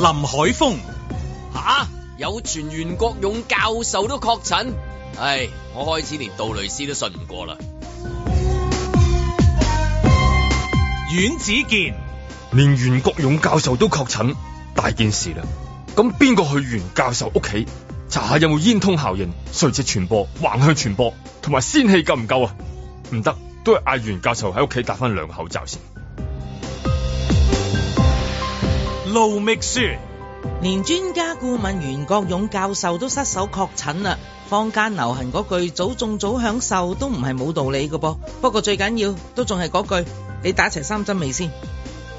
林海峰，吓、啊、有傳袁國勇教授都確診，唉，我開始連杜蕾斯都信唔過啦。阮子健，連袁國勇教授都確診，大件事啦。咁邊個去袁教授屋企查下有冇煙通效應，垂直傳播、橫向傳播，同埋仙氣夠唔夠啊？唔得，都係嗌袁教授喺屋企戴返兩個口罩先。盧覓雪，連專家顧問袁國勇教授都失手確診啦。坊間流行嗰句早種早享受都唔係冇道理噶噃。不過最緊要都仲係嗰句，你打齊三針未先？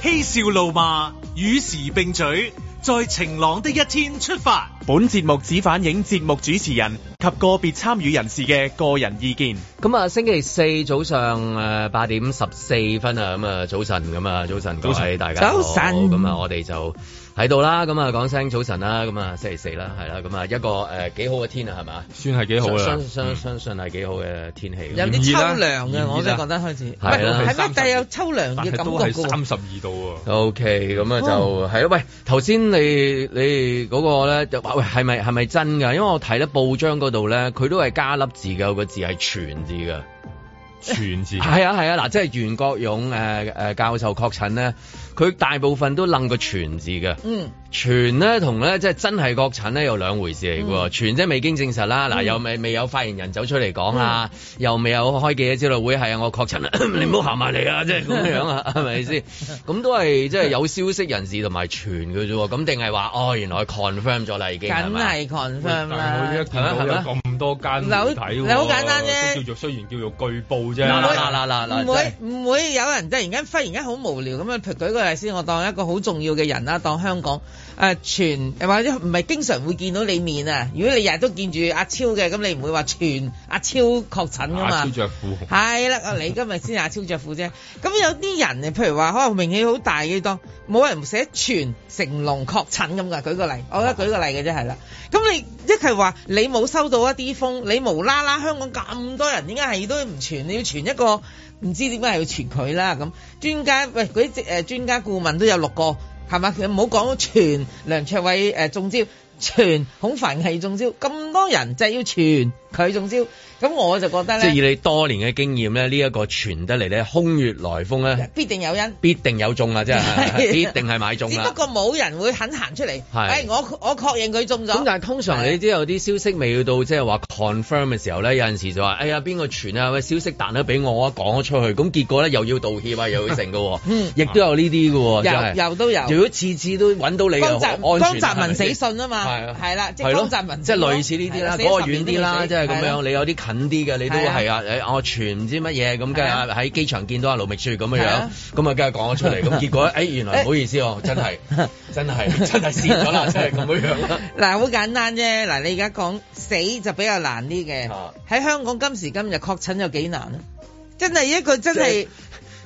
嬉笑怒罵與時並舉。在晴朗的一天出發，本節目只反映節目主持人及個別參與人士嘅個人意見。咁啊，星期四早上誒八點十四分啊，咁啊早晨，咁啊早晨早晨，各位大家，早晨，咁啊我哋就。喺度啦，咁啊講聲早晨啦，咁啊星期四啦，係啦，咁啊一個誒、呃、幾好嘅天啊，係嘛？算係幾好啦，相相相信係幾好嘅天氣。有啲秋涼嘅，我都覺得開始，唔係、啊，係咩？但係有秋涼嘅感覺嘅。三十二度。啊。O K，咁啊 okay，就係啦、嗯。喂，頭先你你嗰個咧就話，喂係咪係咪真㗎？因為我睇得報章嗰度咧，佢都係加粒字嘅，嗰個字係全字嘅，全字。係啊係啊，嗱，即係袁國勇誒誒、呃呃呃、教授確診咧。佢大部分都楞個全字嘅、嗯。傳咧同咧即係真係確診咧有兩回事嚟嘅喎，傳即係未經證實啦。嗱、嗯、又未未有發言人走出嚟講啊、嗯，又未有開記者招待會係啊，我確診、嗯、啊，你唔好行埋嚟啊，即係咁樣啊，係咪先？咁都係即係有消息人士同埋傳嘅啫，咁定係話哦原來 confirm 咗啦已經梗係 confirm 啦，係咪？咁多間媒體、啊，你好簡單啫。你叫做雖然叫做據報啫，唔會唔、啊啊啊啊啊、會,會有人突然間忽然間好無聊咁啊？舉個例子先，我當一個好重要嘅人啦，當香港。誒、啊，傳或者唔係經常會見到你面啊？如果你日日都見住阿超嘅，咁你唔會話傳阿超確診噶嘛？阿超着褲係啦，你、啊、 今日先阿超着褲啫。咁 有啲人譬如話可能名氣好大嘅，當冇人寫傳成龍確診咁噶。舉個例，我覺得舉個例嘅啫，係 啦。咁你即係話你冇收到一啲風，你無啦啦香港咁多人，點解係都唔傳？你要傳一個唔知點解係要傳佢啦？咁專家喂，嗰啲誒專家顧問都有六個。係嘛？佢唔好講全梁卓偉誒、呃、中招，全孔凡係中招？咁多人就係要全。佢中招，咁我就覺得咧，即係以你多年嘅經驗咧，呢、這、一個傳得嚟咧，空穴來風咧，必定有因，必定有中啊！即、就、係、是， 必定係買中。只不過冇人會肯行出嚟。係，我我確認佢中咗。咁但係通常你都有啲消息未到，即係話 confirm 嘅時候咧，有陣時就話，哎呀，邊個傳啊？喂，消息彈咗俾我，啊，講咗出去，咁結果咧又要道歉啊， 又要成嘅。喎。亦都有呢啲嘅，又又都有。如果次次都揾到你，安安全。江澤民死信啊嘛，係、啊就是啊就是、啦，即係即係類似呢啲啦，死遠啲啦，就是咁 樣你有啲近啲嘅，你都係啊、哎！我全唔知乜嘢咁，梗係喺機場見到阿盧銘舒咁樣，咁啊樣，梗係講咗出嚟，咁結果誒、 哎，原來唔好意思喎， 真係真係真係蝕咗啦，真係咁樣。嗱，好簡單啫。嗱，你而家講死就比較難啲嘅。喺、啊、香港今時今日確診有幾難啊？真係一個真係、就。是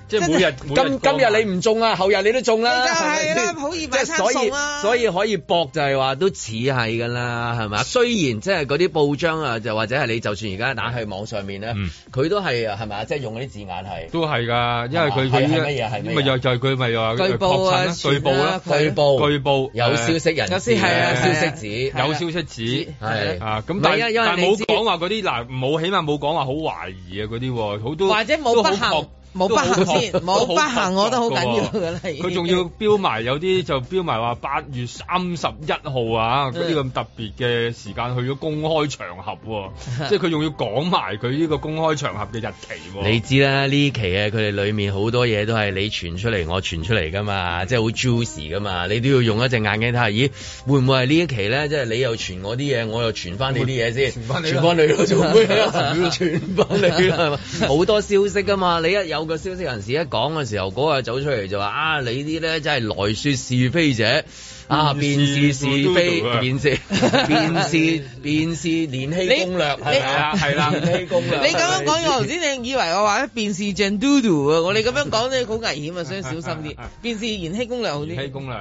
即係每日今今日你唔中啊，後日你都中啦、啊。即係啦，好易買餐餸、啊、所，以所以可以搏就係話都似係噶啦，係咪？雖然即係嗰啲報章啊，就或者係你就算而家打去網上面咧，佢、嗯、都係係咪啊？即係、就是、用嗰啲字眼係都係㗎，因為佢佢咩咪就又佢咪又話據報啊？據報啦、啊啊啊啊，據報。據報有消息人。有啊，消息紙有消息紙係啊。咁但係但係冇講話嗰啲嗱，冇起碼冇講話好懷疑啊嗰啲，好多或者冇冇不，不行先，冇不行我都好緊要㗎啦。佢仲要標埋有啲就標埋話八月三十一號啊，嗰啲咁特別嘅時間去咗公開場合，啊， 即係佢仲要講埋佢呢個公開場合嘅日期，啊。你知啦，呢期啊，佢哋裡面好多嘢都係你傳出嚟，我傳出嚟㗎嘛，即係好 juicy 㗎嘛，你都要用一隻眼鏡睇下，咦，會唔會係呢一期咧？即係你又傳我啲嘢，我又傳翻你啲嘢先傳， 傳翻你， 傳翻你傳好 多消息㗎嘛，你一有。個消息人士一講嘅時候，嗰、那個走出嚟就話：啊，你啲咧真係來説是非者啊，辨是是非，辨是辨是辨是年氣攻略係咪啊？啦，燃攻略。你咁、 嗯、 樣講， 我頭先正以為我話辨是 j 嘟嘟」，啊！我哋咁樣講咧好危險啊，所以小心啲。辨是燃氣攻略好啲。 攻略。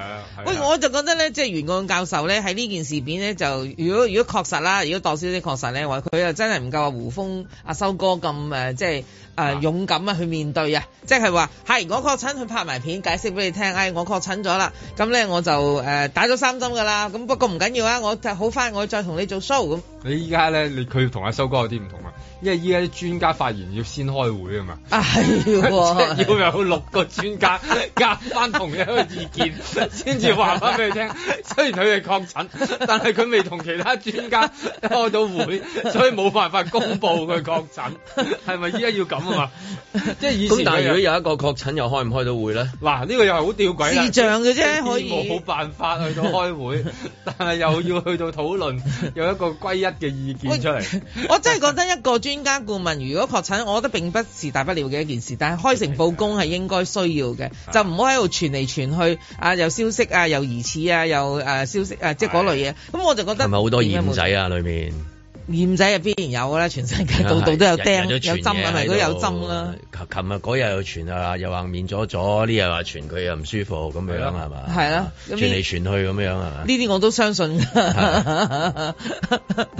喂，我就覺得咧，即係袁岸教授咧喺呢件事變咧，就如果如果確實啦，如果當消息確實咧，話佢又真係唔夠阿胡風阿、啊、修哥咁誒，即係。誒勇敢啊去面對啊，即係話係我確診，佢拍埋片解釋俾你聽，誒我確診咗啦，咁咧我就誒、呃、打咗三針㗎啦，咁不過唔緊要啊，我就好翻，我再同你做 show 咁。你依家咧，你佢同阿修哥有啲唔同啊，因為依家啲專家發言要先開會啊嘛，啊、哎、係， 要有六個專家夾翻同一個意見，先至話翻俾佢聽。雖然佢係確診， 但係佢未同其他專家開到會，所以冇辦法公布佢確診。係咪依家要咁啊？嘛，即係以前但係如果有一個確診，又開唔開到會咧？嗱，呢、呢個又係好吊詭視像嘅啫，可以冇辦法去到開會， 但係又要去到討論，有一個歸一，嘅意見出嚟，我真係覺得一個專家顧問如果確診，我覺得並不是大不了嘅一件事，但係開誠佈公係應該需要嘅，啊、就唔好喺度傳嚟傳去，啊又消息啊又疑似啊又誒消息啊，即係嗰類嘢，咁我就覺得係咪好多二五仔啊裏面？燕仔係必然有嘅啦，全世界度度都，都有釘，有針啊，係咪都有針啦。琴日嗰日又傳，又左左又傳又啊，又話面咗，呢日又話傳佢又唔舒服咁樣係嘛？係啦、啊，傳嚟傳去咁樣係呢啲我都相信、啊。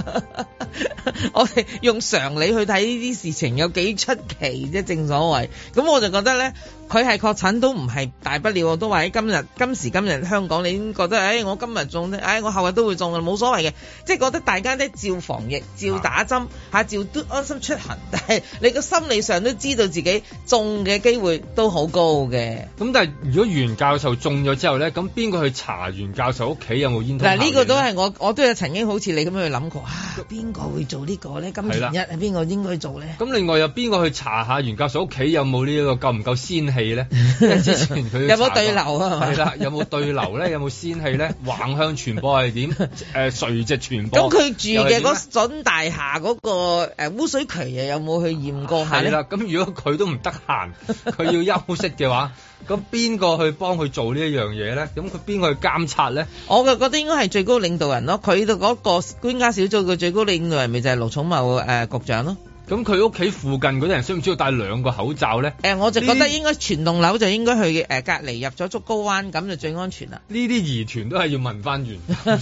我哋用常理去睇呢啲事情有幾出奇啫，正所謂，咁我就覺得咧，佢係確診都唔係大不了，我都話今日今時今日香港，你已經覺得誒、哎、我今日中，誒、哎、我後日都會中冇所謂嘅，即係覺得大家都照防疫、照打針吓、啊啊、照都安心出行，但係你個心理上都知道自己中嘅機會都好高嘅。咁但係如果袁教授中咗之後咧，咁邊個去查袁教授屋企有冇煙？嗱，呢個都係我我都有曾經好似你咁樣去諗過，啊，邊個會中？做個呢個咧，今日前日係邊個應該做咧？咁另外有邊個去查下袁教授屋企有冇呢一個夠唔夠仙氣咧？ 有冇對流啊？係啦，有冇對流咧？有冇仙氣咧？ 橫向傳播係點？誒、 呃，垂直傳播。咁佢住嘅嗰 準大廈嗰個污水渠又有冇去驗過下咧？係啦，咁如果佢都唔得閒，佢要休息嘅話。 咁邊個去幫佢做這件事呢一樣嘢咧？咁佢邊個去監察咧？我嘅覺得應該係最高領導人咯，佢度嗰個官家小組嘅最高領導人咪就係盧寵茂誒局長咯。咁佢屋企附近嗰啲人需唔需要戴兩個口罩咧？誒、呃，我就覺得應該全棟樓就應該去誒、呃、隔離入咗竹篙灣咁就最安全啦。呢啲疑團都係要問翻完，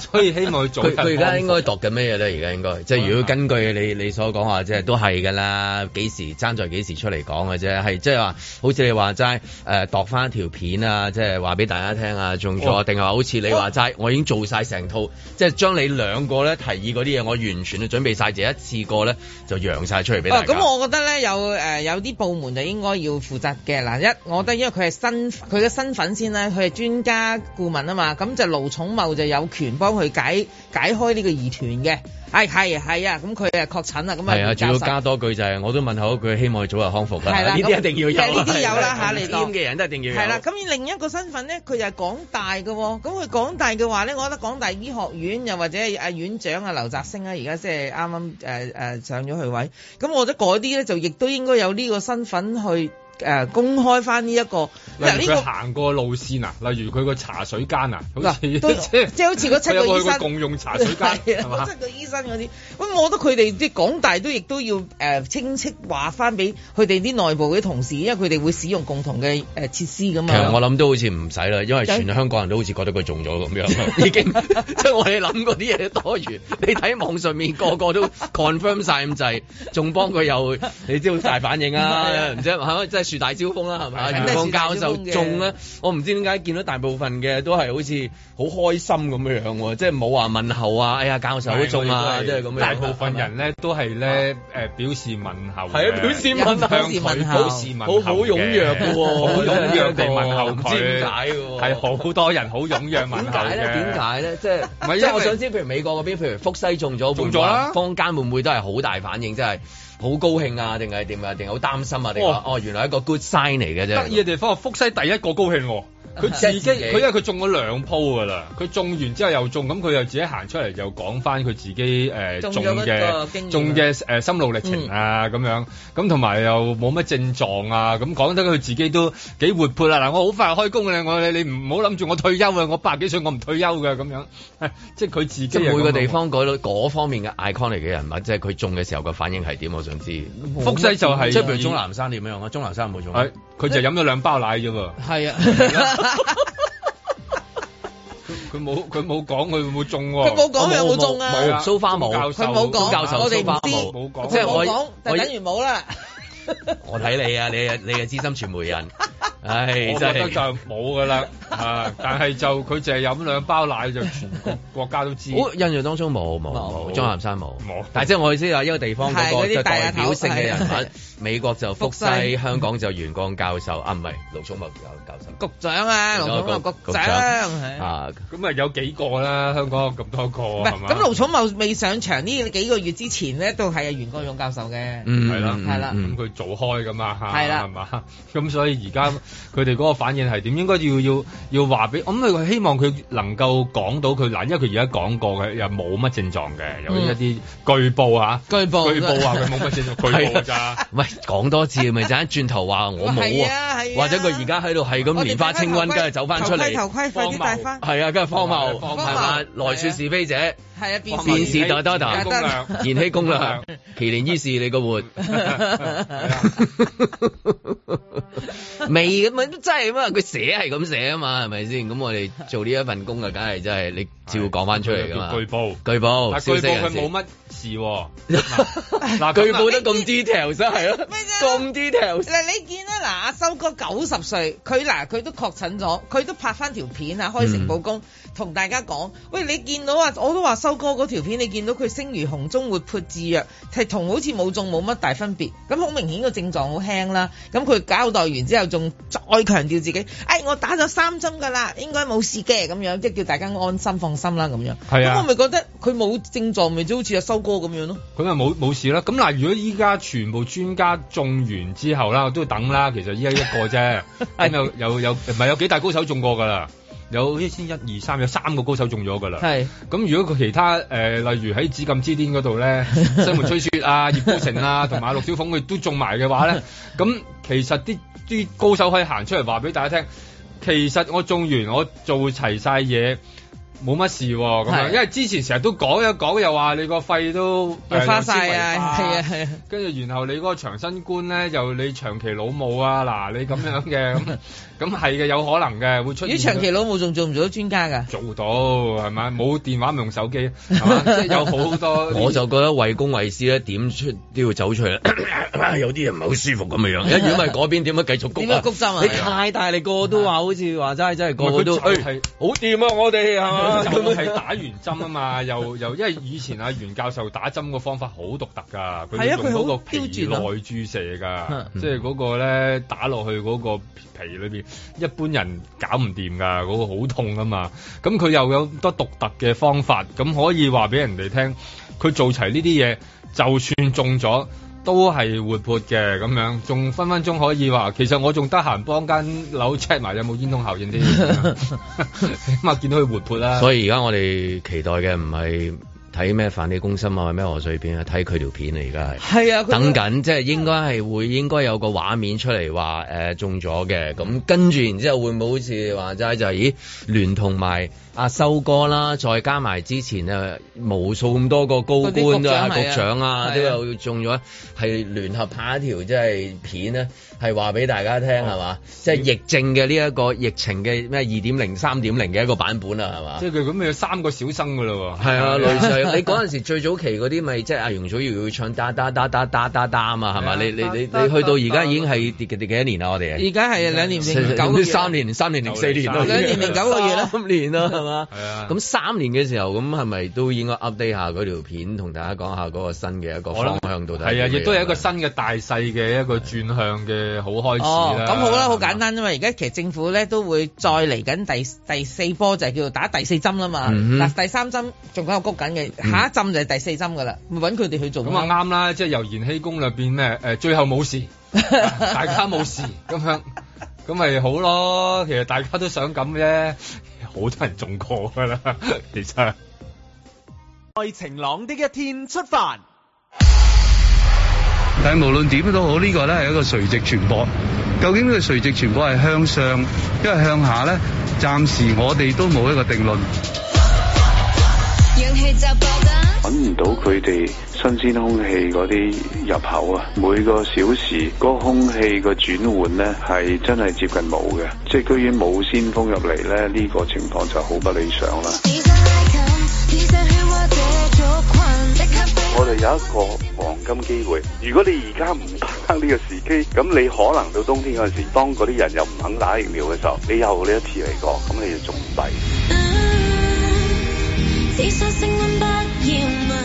所以希望佢做。佢而家應該度緊咩嘢咧？而家應該即係如果根據你你所講話，即係都係㗎啦。幾時爭在幾時出嚟講嘅啫？係即係話好似你話齋誒度翻一條片啊，即係話俾大家聽啊，仲錯定係好似你話齋、哦，我已經做晒成套，即係將你兩個咧提議嗰啲嘢，我完全都準備晒。就一次過咧就。揚晒出嚟俾大家，咁我覺得咧，有誒有啲部門就應該要負責嘅。嗱，一我覺得因為佢係身佢嘅身份先啦，佢係專家顧問啊嘛，咁就盧寵茂就有權幫佢解解開呢個疑團嘅。係係係啊！咁佢啊確診啦，咁啊仲要加多句就係，我都問候一句，希望佢早日康復啦。呢啲一定要有，即係呢啲有啦嚇。嚟啲咁嘅人都一定要。係啦，咁另一個身份咧，佢又係港大嘅喎。咁佢港大嘅話咧，我覺得港大醫學院又或者阿院長啊，劉澤星啊，而家即係啱啱誒誒上咗佢位。咁我覺得嗰啲咧就亦都應該有呢個身份去。誒、呃、公開翻呢一個，例如佢行過路線啊，例如佢個茶水間啊，咁即、啊、 即好似嗰七個醫生有共用茶水間，嗰 七個醫生嗰啲，咁我覺得佢哋啲港大都亦都要誒、呃、清晰話翻俾佢哋啲內部嘅同事，因為佢哋會使用共同嘅誒、呃、設施咁啊。其實我諗都好似唔使啦，因為全香港人都好似覺得佢中咗咁樣， 已經即我哋諗嗰啲嘢多餘。 你睇網上面個個都 confirm 晒咁滯，仲幫佢又你知好大反應啊， 樹大招風啦，係咪？楊光教授中咧，我唔知點解見到大部分嘅都係好似好開心咁樣樣，即係冇話問候啊！哎呀，教授好中啊！即係咁。大部分人咧都係咧誒表示問候。係啊，表示問候佢，表示問，好踴躍嘅。好踴躍地問候佢。唔知點解喎？係好、哦、 多人好踴躍問候。點解咧？點解咧？ 即係唔係？即係我想知道，譬如美國嗰邊，譬如福西中咗，中咗啦、啊，坊間會唔會都係好大反應？即係。好高興啊，定係點啊？定係好擔心啊？定話哦，哦，原來係一個 good sign 嚟嘅啫。得意嘅地方係福西第一個高興啊。佢自己，佢因為佢中咗兩鋪噶啦，佢中完之後又中，咁佢又自己行出嚟又講翻佢自己誒、呃、中嘅中嘅心路歷程啊咁、嗯、樣，咁同埋又冇乜症狀啊，咁講得佢自己都幾活潑啊嗱，我好快開工嘅、啊、我你唔好諗住我退休啊，我百幾歲我唔退休㗎、啊。咁樣，即係佢自己。每個地方嗰嗰方面嘅 icon 嚟嘅人物，即係佢中嘅時候個反應係點，我想知。福西就係即係譬如鍾南山點樣啊，鍾南山冇中，佢就飲咗兩包奶啫喎。係 啊。 佢 冇， 佢冇講，佢會唔會中喎。佢冇講，佢有冇中啊？冇，蘇花冇。教授，佢冇講，我哋 唔知。冇講，即係、就是、我，講，就等於冇啦。 我睇你啊，你啊，你啊資深傳媒人，唉，真係我覺得就冇噶啦， 啊，但係就佢淨係飲兩包奶就全國國家都知道，哦。印象當中冇冇冇，鍾南山冇冇。但係即係我意思話，一、這個地方嗰個代表性嘅人，美國就福西，福西香港就袁國教授啊，唔係盧寵茂教授局長啊，盧局，局長，盧某局長啊，咁啊有幾個啦，香港咁多個咁盧寵茂未上場呢幾個月之前咧，都係啊袁國勇教授嘅，係、嗯、啦，係啦，咁佢。嗯嗯做開噶嘛，係啦、啊，係嘛，咁所以而家佢哋嗰個反應係點？應該要要要話俾，咁、嗯、佢希望佢能夠講到佢嗱，因為佢而家講過嘅，又冇乜症狀嘅，有啲一啲據報吓、啊，據報據報話佢冇乜症狀，據、啊、報咋？喂，講多次咪，就，轉頭話我冇啊、啊、啊，或者佢而家喺度係咁連花清瘟，跟住走翻出嚟，頭盔快啲戴翻，係啊，跟住荒謬，係嘛、啊啊，來說是非者。係啊，變變是大大大，燃氣供量，麒麟於是你個活，未 咁樣都真係啊嘛。佢寫係咁寫啊嘛，係咪先？咁我哋做呢一份工啊，梗係真係你照要講翻出嚟噶嘛？據報，據報，消息佢冇乜。嗱，佢冇得咁 detail 真係咯，咁 detail 嗱你見啦，嗱、啊、阿修哥九十歲，佢嗱佢都確診咗，佢都拍翻條片啊，開誠布公同，嗯、大家講，喂，你見到啊，我都話修哥嗰條片你見到佢聲如洪鐘活潑自如，係同好似冇中冇乜大分別，咁好明顯個症狀好輕啦，咁佢交代完之後仲再強調自己，誒、哎、我打咗三針㗎啦，應該冇事嘅咁樣，即係叫大家安心放心啦咁樣。係啊，咁我咪覺得佢冇症狀，咪就好似阿修哥。咁樣咯，佢又冇冇事啦。咁嗱，如果依家全部專家中完之後啦，我都要等啦。其實依家一個啫，咁有有有，唔係有，有幾大高手中過噶啦，有一千一二三，有三個高手中咗噶啦。係。咁如果佢其他、呃、例如喺紫禁之巔嗰度咧，西門吹雪啊、葉 孤城啊，同埋陸小鳳佢都中埋嘅話咧，咁其實啲啲高手可以行出嚟話俾大家聽，其實我中完，我做齊晒嘢。冇乜事喎，啊，咁因為之前成日都講一講，又話你個肺都花曬，係啊啊，跟住然後你嗰個長身官咧，又你長期老母啊，嗱你咁樣嘅，咁咁係嘅，有可能嘅會出現。咦，長期老母仲做唔做到專家㗎？做到係咪？冇電話唔用手機，即 有好多。 我就覺得為公為私咧，點出都要走出去。 有啲人唔係好舒服咁嘅 樣，如果係嗰邊點樣繼續焗啊？點樣焗心啊？你太大力過都話好似話齋，真係個個都好掂 啊！我哋係嘛？就係打完針啊嘛，又又因為以前阿袁教授打針個方法好獨特噶，佢用嗰個皮內注射㗎、啊啊，即係嗰個咧打落去嗰個皮裏邊，一般人搞唔掂㗎，嗰、嗰個好痛啊嘛。咁佢又有好多獨特嘅方法，咁可以話俾人哋聽，佢做齊呢啲嘢，就算中咗。都係活潑嘅咁樣，仲分分鐘可以話，其實我仲得閒幫間樓 check 埋有冇煙通效應啲。起 碼見到佢活潑啦、啊。 所以而家我哋期待嘅唔係睇咩反地公審啊，咩賀歲片啊，睇佢條片啊，而家係。係啊，等緊，即係應該係會應該有個畫面出嚟話、呃、中咗嘅，咁跟住然之後會唔會好似話齋就係、是、咦聯同埋？阿修哥啦，再加埋之前啊無數咁多個高官啊、局長、局長啊，啊啊都有中咗，係聯合拍一條即係片咧，係話俾大家聽，係、啊、嘛？即係、就是、疫症嘅呢一個疫情嘅咩二點零、三點零嘅一個版本啊，係嘛？即係佢咁有三個小生噶咯，係啊，啊，雷 Sir， 你嗰陣時最早期嗰啲咪即係阿容祖兒要唱嗒嗒嗒嗒嗒嗒啊嘛係嘛？啊啊、你、啊、你你、啊、你去到而家已經係跌幾幾多年啦我哋？而家係兩年零三年三年零四年啦，兩年零九個月啦，三年啦。啊，咁三年嘅時候，咁係咪都應該 update 下嗰條片，同大家講下嗰個新嘅一個方向到底？係啊，亦都係一個新嘅大勢嘅、啊、一個轉向嘅好開始啦。咁、哦、好啦，好簡單啫嘛。而家其實政府咧都會再嚟緊第第四波，就係叫做打第四針啦嘛。嗱、嗯，第三針仲喺度谷緊嘅，下一針就係第四針噶啦。搵佢哋去做。咁啊啱啦，即係由燃氣功入邊咩？誒、呃，最後冇事， 大家冇事咁樣，咁咪好咯。其實大家都想咁嘅啫。好多人中過噶啦，其實 。在晴朗的一天出發。但無論點都好，呢、呢個咧係一個垂直傳播。究竟呢個垂直傳播係向上，一係向下咧？暫時我哋都冇一個定論。氧氣就爆㗎。揾唔到佢哋。新鮮空氣嗰啲入口啊，每個小時嗰、那個、空氣個轉換咧係真係接近冇嘅，即係居然冇鮮風入嚟咧，呢、這個情況就好不理想啦。我哋有一個黃金機會，如果你而家唔把握呢個時機，咁你可能到冬天嗰陣時候，當嗰啲人又唔肯打疫苗嘅時候，你又呢一次嚟過，咁你就仲弊。嗯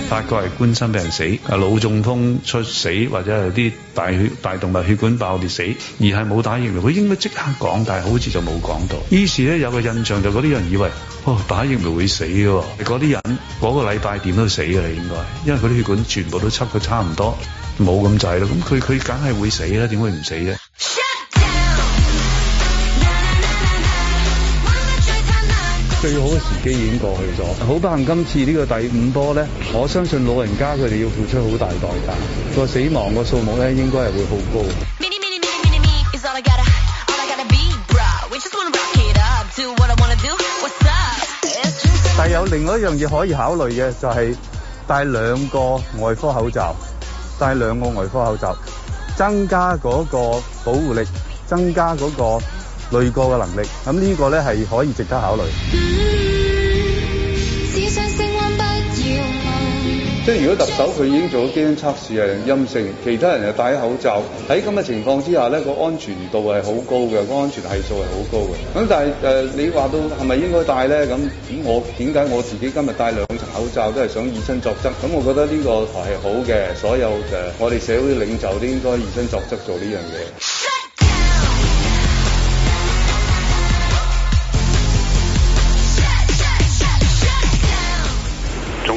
八個係冠心病死，老腦中風出死，或者有啲大血、大動脈血管爆裂死，而係冇打疫苗，佢應該即刻講，但係好似就冇講到。於是咧有個印象就嗰啲人以為、哦，打疫苗會死嘅，嗰啲人嗰、那個禮拜點都死嘅啦應該，因為佢啲血管全部都塞佢差唔多，冇咁滯啦，咁佢佢梗係會死啦，點會唔死啫？最好嘅時機已經過去咗，好不幸今次呢個第五波咧，我相信老人家佢哋要付出好大代價，個死亡個數目咧應該係會好高。但係有另外一樣嘢可以考慮嘅，就係戴兩個外科口罩，戴兩個外科口罩，增加嗰個保護力，增加嗰個。累過嘅能力，咁呢個咧係可以值得考慮，嗯不。即係如果特首佢已經做咗基因測試係陰性，其他人又戴口罩，喺咁嘅情況之下咧，個安全度係好高嘅，個、安全係數係好高嘅。咁但係誒、呃，你話到係咪應該戴咧？咁咁我點解我自己今日戴兩層口罩都係想以身作則？咁我覺得呢個係好嘅，所有誒我哋社會領袖都應該以身作則做呢樣嘢。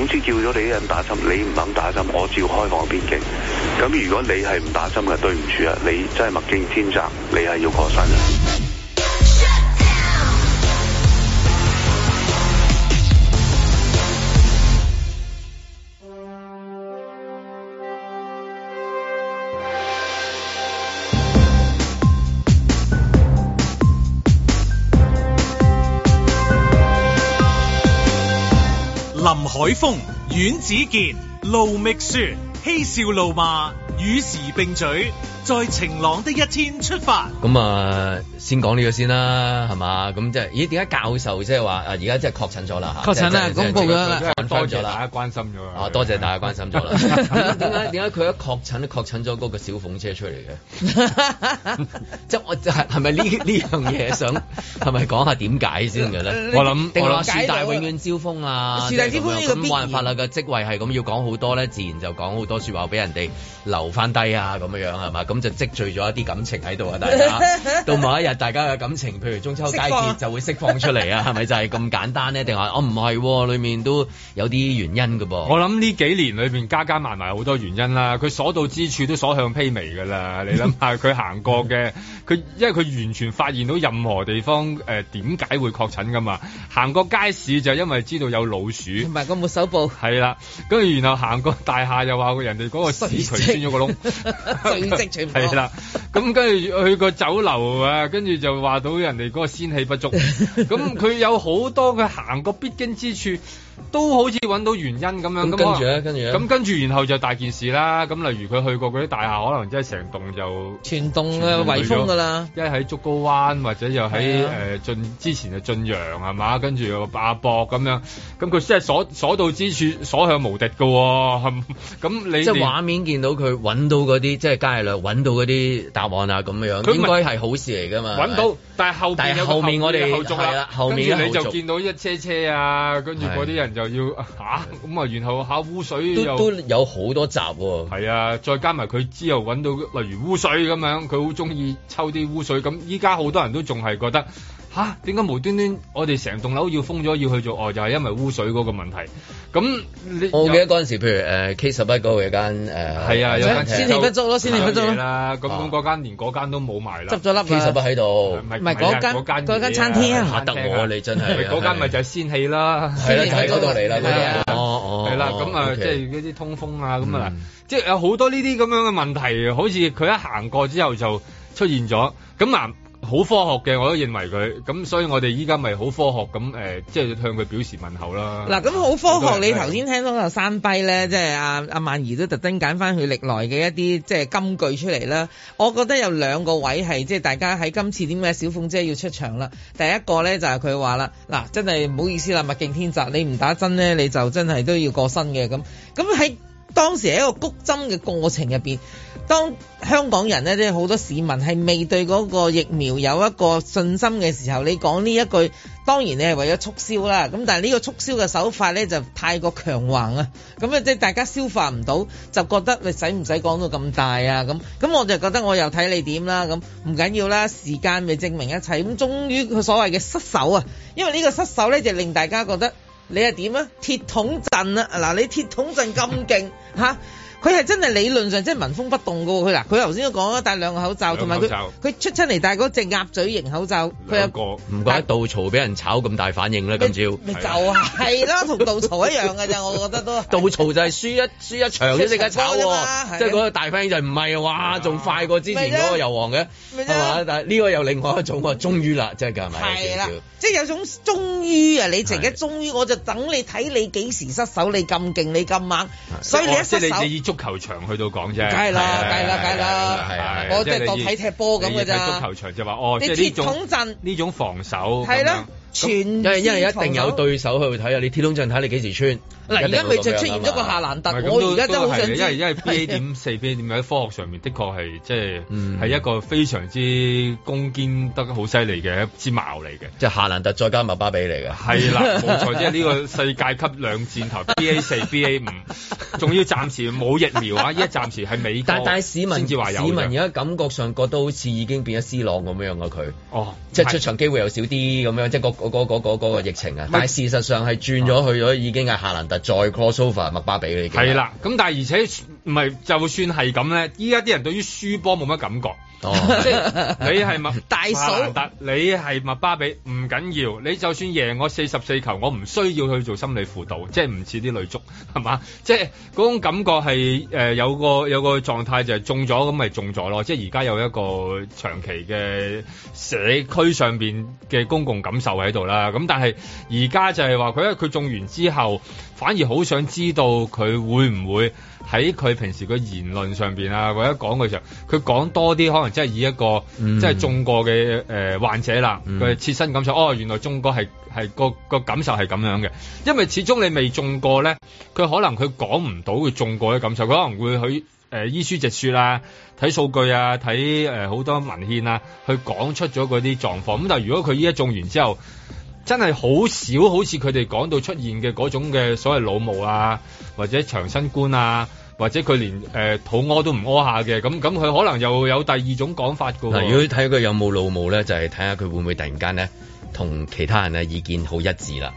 先叫咗你啲人打針，你唔肯打針，我照開放邊境。咁如果你係唔打針嘅，對唔住啊，你真係物競天擇，你係要過身啊。海峰、阮子健、盧覓雪，嬉笑怒罵，與時並舉。在晴朗的一天出發。咁啊，先講呢個先啦，係嘛？咁即係，咦？點解教授即係話啊？而家即係確診咗啦，確診啦，嗰多謝大家關心咗啊，多謝大家關心咗啦。點解，點解佢一確診，確診咗嗰個小鳳車出嚟嘅？即係我係咪呢呢樣嘢想係咪講下點解先嘅咧？我諗，我諗樹大永遠招風啊！樹大招風咁冇辦法啦！個職位係咁要講好多咧，自然就講好多説話俾人哋 留翻低啊，咁 樣係嘛？咁就積聚咗一啲感情喺度啊！大家到某一日，大家嘅感情，譬如中秋佳節，就會釋放出嚟啊！係咪就係咁簡單呢？定話我唔係喎，裡面都有啲原因㗎噃。我諗呢幾年裏面，加加埋埋好多原因啦。佢所到之處都所向披靡㗎啦。你諗下，佢行過嘅，佢 因為佢完全發現到任何地方誒點解會確診㗎嘛？行過街市就因為知道有老鼠，唔係個抹手布。係啦，跟住然後行過大廈，又話人哋嗰個屎渠穿咗個窿。正常。 衰職 係啦，咁跟住去個酒樓啊，跟住就話到人哋嗰個仙氣不足，咁 佢有好多佢行過必經之處。都好似揾到原因咁樣，咁跟住咧、啊，跟住咁、啊、跟住、啊、然後就大件事啦。咁例如佢去過嗰啲大廈，可能即係成棟就全棟嘅圍封㗎啦。一喺竹篙灣，或者又喺駿、啊、之前就駿洋係嘛，跟住又亞博咁樣。咁佢即係所所到之處，所向無敵㗎喎。咁你即係畫面見到佢揾到嗰啲，即係加氣量揾到嗰啲答案啊咁樣。應該係好事嚟㗎嘛。揾到，但係後面，後面，後面，後面後、啊啊，後面我哋後續啦，跟住你就見到一車車啊，跟住嗰啲人。就要吓咁啊，然後吓污水都，都有好多集喎、哦，係啊，再加埋佢之後揾到例如污水咁樣，佢好中意抽啲污水，咁依家好多人都仲係覺得。吓？點解無端端我哋成棟樓要封咗要去做？哦，就係、是、因為污水嗰個問題。咁我記得嗰陣時，譬如、uh, K 十一嗰度有間誒，係、uh, 啊、嗯，有間先天不足咯，先天不足咯。係啦，咁咁嗰間連嗰間都冇埋啦，執咗笠啦。K 十一喺度，唔係唔係嗰間嗰、啊、間餐廳嚇、啊啊啊？得啊，你真係、 就是、 啊！嗰間咪就係先氣啦，先氣抽到嚟啦，係啊，哦哦，係啦，咁啊，啊啊 okay. 即係嗰啲通風啊，咁、嗯、啊，即係有好多呢啲咁樣嘅問題，好似佢一行過之後就出現咗。好科學嘅，我都認為佢咁，所以我哋依家咪好科學咁、呃、即係向佢表示問候啦。嗱、啊，咁好科學，你頭先聽到山碑咧，即係阿阿曼怡都特登揀翻佢歷來嘅一啲即係金句出嚟啦。我覺得有兩個位係即係大家喺今次點解小鳳姐要出場啦？第一個咧就係佢話啦，嗱、啊，真係唔好意思啦，物競天擇，你唔打針咧，你就真係都要過身嘅咁。咁喺當時喺一個谷針嘅過程入邊。當香港人咧，即係好多市民係未對嗰個疫苗有一個信心嘅時候，你講呢一句，當然你係為咗促銷啦。咁但係呢個促銷嘅手法咧就太過強橫啊！咁啊，即係大家消化唔到，就覺得你使唔使講到咁大啊？咁咁我就覺得我又睇你點啦。咁唔緊要啦，時間咪證明一切。咁終於佢所謂嘅失手啊，因為呢個失手咧就令大家覺得你係點啊？鐵桶陣啊！嗱，你鐵桶陣咁勁嚇。佢係真係理論上即係聞風不動噶喎，佢嗱佢頭先都講咗戴兩個口罩，同埋佢佢出親嚟戴嗰隻鴨嘴型口罩，佢一又唔怪得杜潮俾人炒咁大反應咧，今朝、啊、就係、是、啦，同杜潮一樣嘅啫，我覺得都杜潮就係輸一 輸一場，即係炒即係嗰個大反應就唔係話仲快過之前嗰個油王嘅、啊啊，但係呢個又另外一種、啊，我終於啦，即係㗎係咪？係啦，即係有種終於啊！你自己終於，我就等你睇你幾時失手，你咁勁，你咁猛、啊，所以你一失手。足球場去到講啫，梗係啦，梗係啦，梗係啦，我即係我睇踢波咁嘅啫，以以足球場就話哦，你鐵桶陣呢種防守係咯，全因為、哦、因為一定有對手去睇啊，你鐵桶陣睇你幾時穿。嗱，而家咪就出現咗個夏蘭特，我而家都好想，因為因為 B A 點四、B A 點五喺科學上面的確係即係係一個非常之攻堅得好犀利嘅一支矛嚟嘅，即係夏蘭特再加麥巴比嚟嘅。係 啦，冇錯，即係呢個世界級兩箭頭 B A 四、B A 五，仲要暫時冇疫苗啊！依家暫時係美國但，但係市民至話市民而家感覺上覺得好似已經變咗 C 朗咁樣個佢，哦，即係出場機會又少啲咁樣，即係、嗰、嗰、個嗰個嗰個嗰個疫情啊！但係事實上係轉咗去咗、啊，已經係夏蘭特。再 c a l l s o f a r 巴比你啦，咁但而且唔係就算係咁咧，依家啲人對於輸波冇乜感覺。哦， 即你係麥大嫂，啊、你係麥巴比，唔緊要，你就算贏我四十四球，我唔需要去做心理輔導，即係唔似啲女足係嘛，即係嗰種感覺係誒、呃、有個有個狀態就係中咗咁咪中咗咯，即係而家有一個長期嘅社區上邊嘅公共感受喺度啦。咁但係而家就係話佢因為佢中完之後，反而好想知道佢會唔會？喺佢平時嘅言論上面啊，或者講嘅時候，佢講多啲可能真係以一個即係、嗯就是、中過嘅、呃、患者啦，佢切身感受。哦，原來中過係係個個感受係咁樣嘅，因為始終你未中過咧，佢可能佢講唔到佢中過嘅感受，佢可能會去誒醫、呃、書直說啦、啊，睇數據啊，睇好、呃、多文獻啊，去講出咗嗰啲狀況。咁但係如果佢依家中完之後，真係好少，好似佢哋講到出現嘅嗰種嘅所謂腦霧啊，或者長新冠啊，或者佢連誒、呃、肚屙都唔屙下嘅，咁咁佢可能又有第二種講法噶、哦。如果睇佢有冇腦霧咧，就係睇下佢會唔會突然間咧。同其他人嘅意見好一致啦，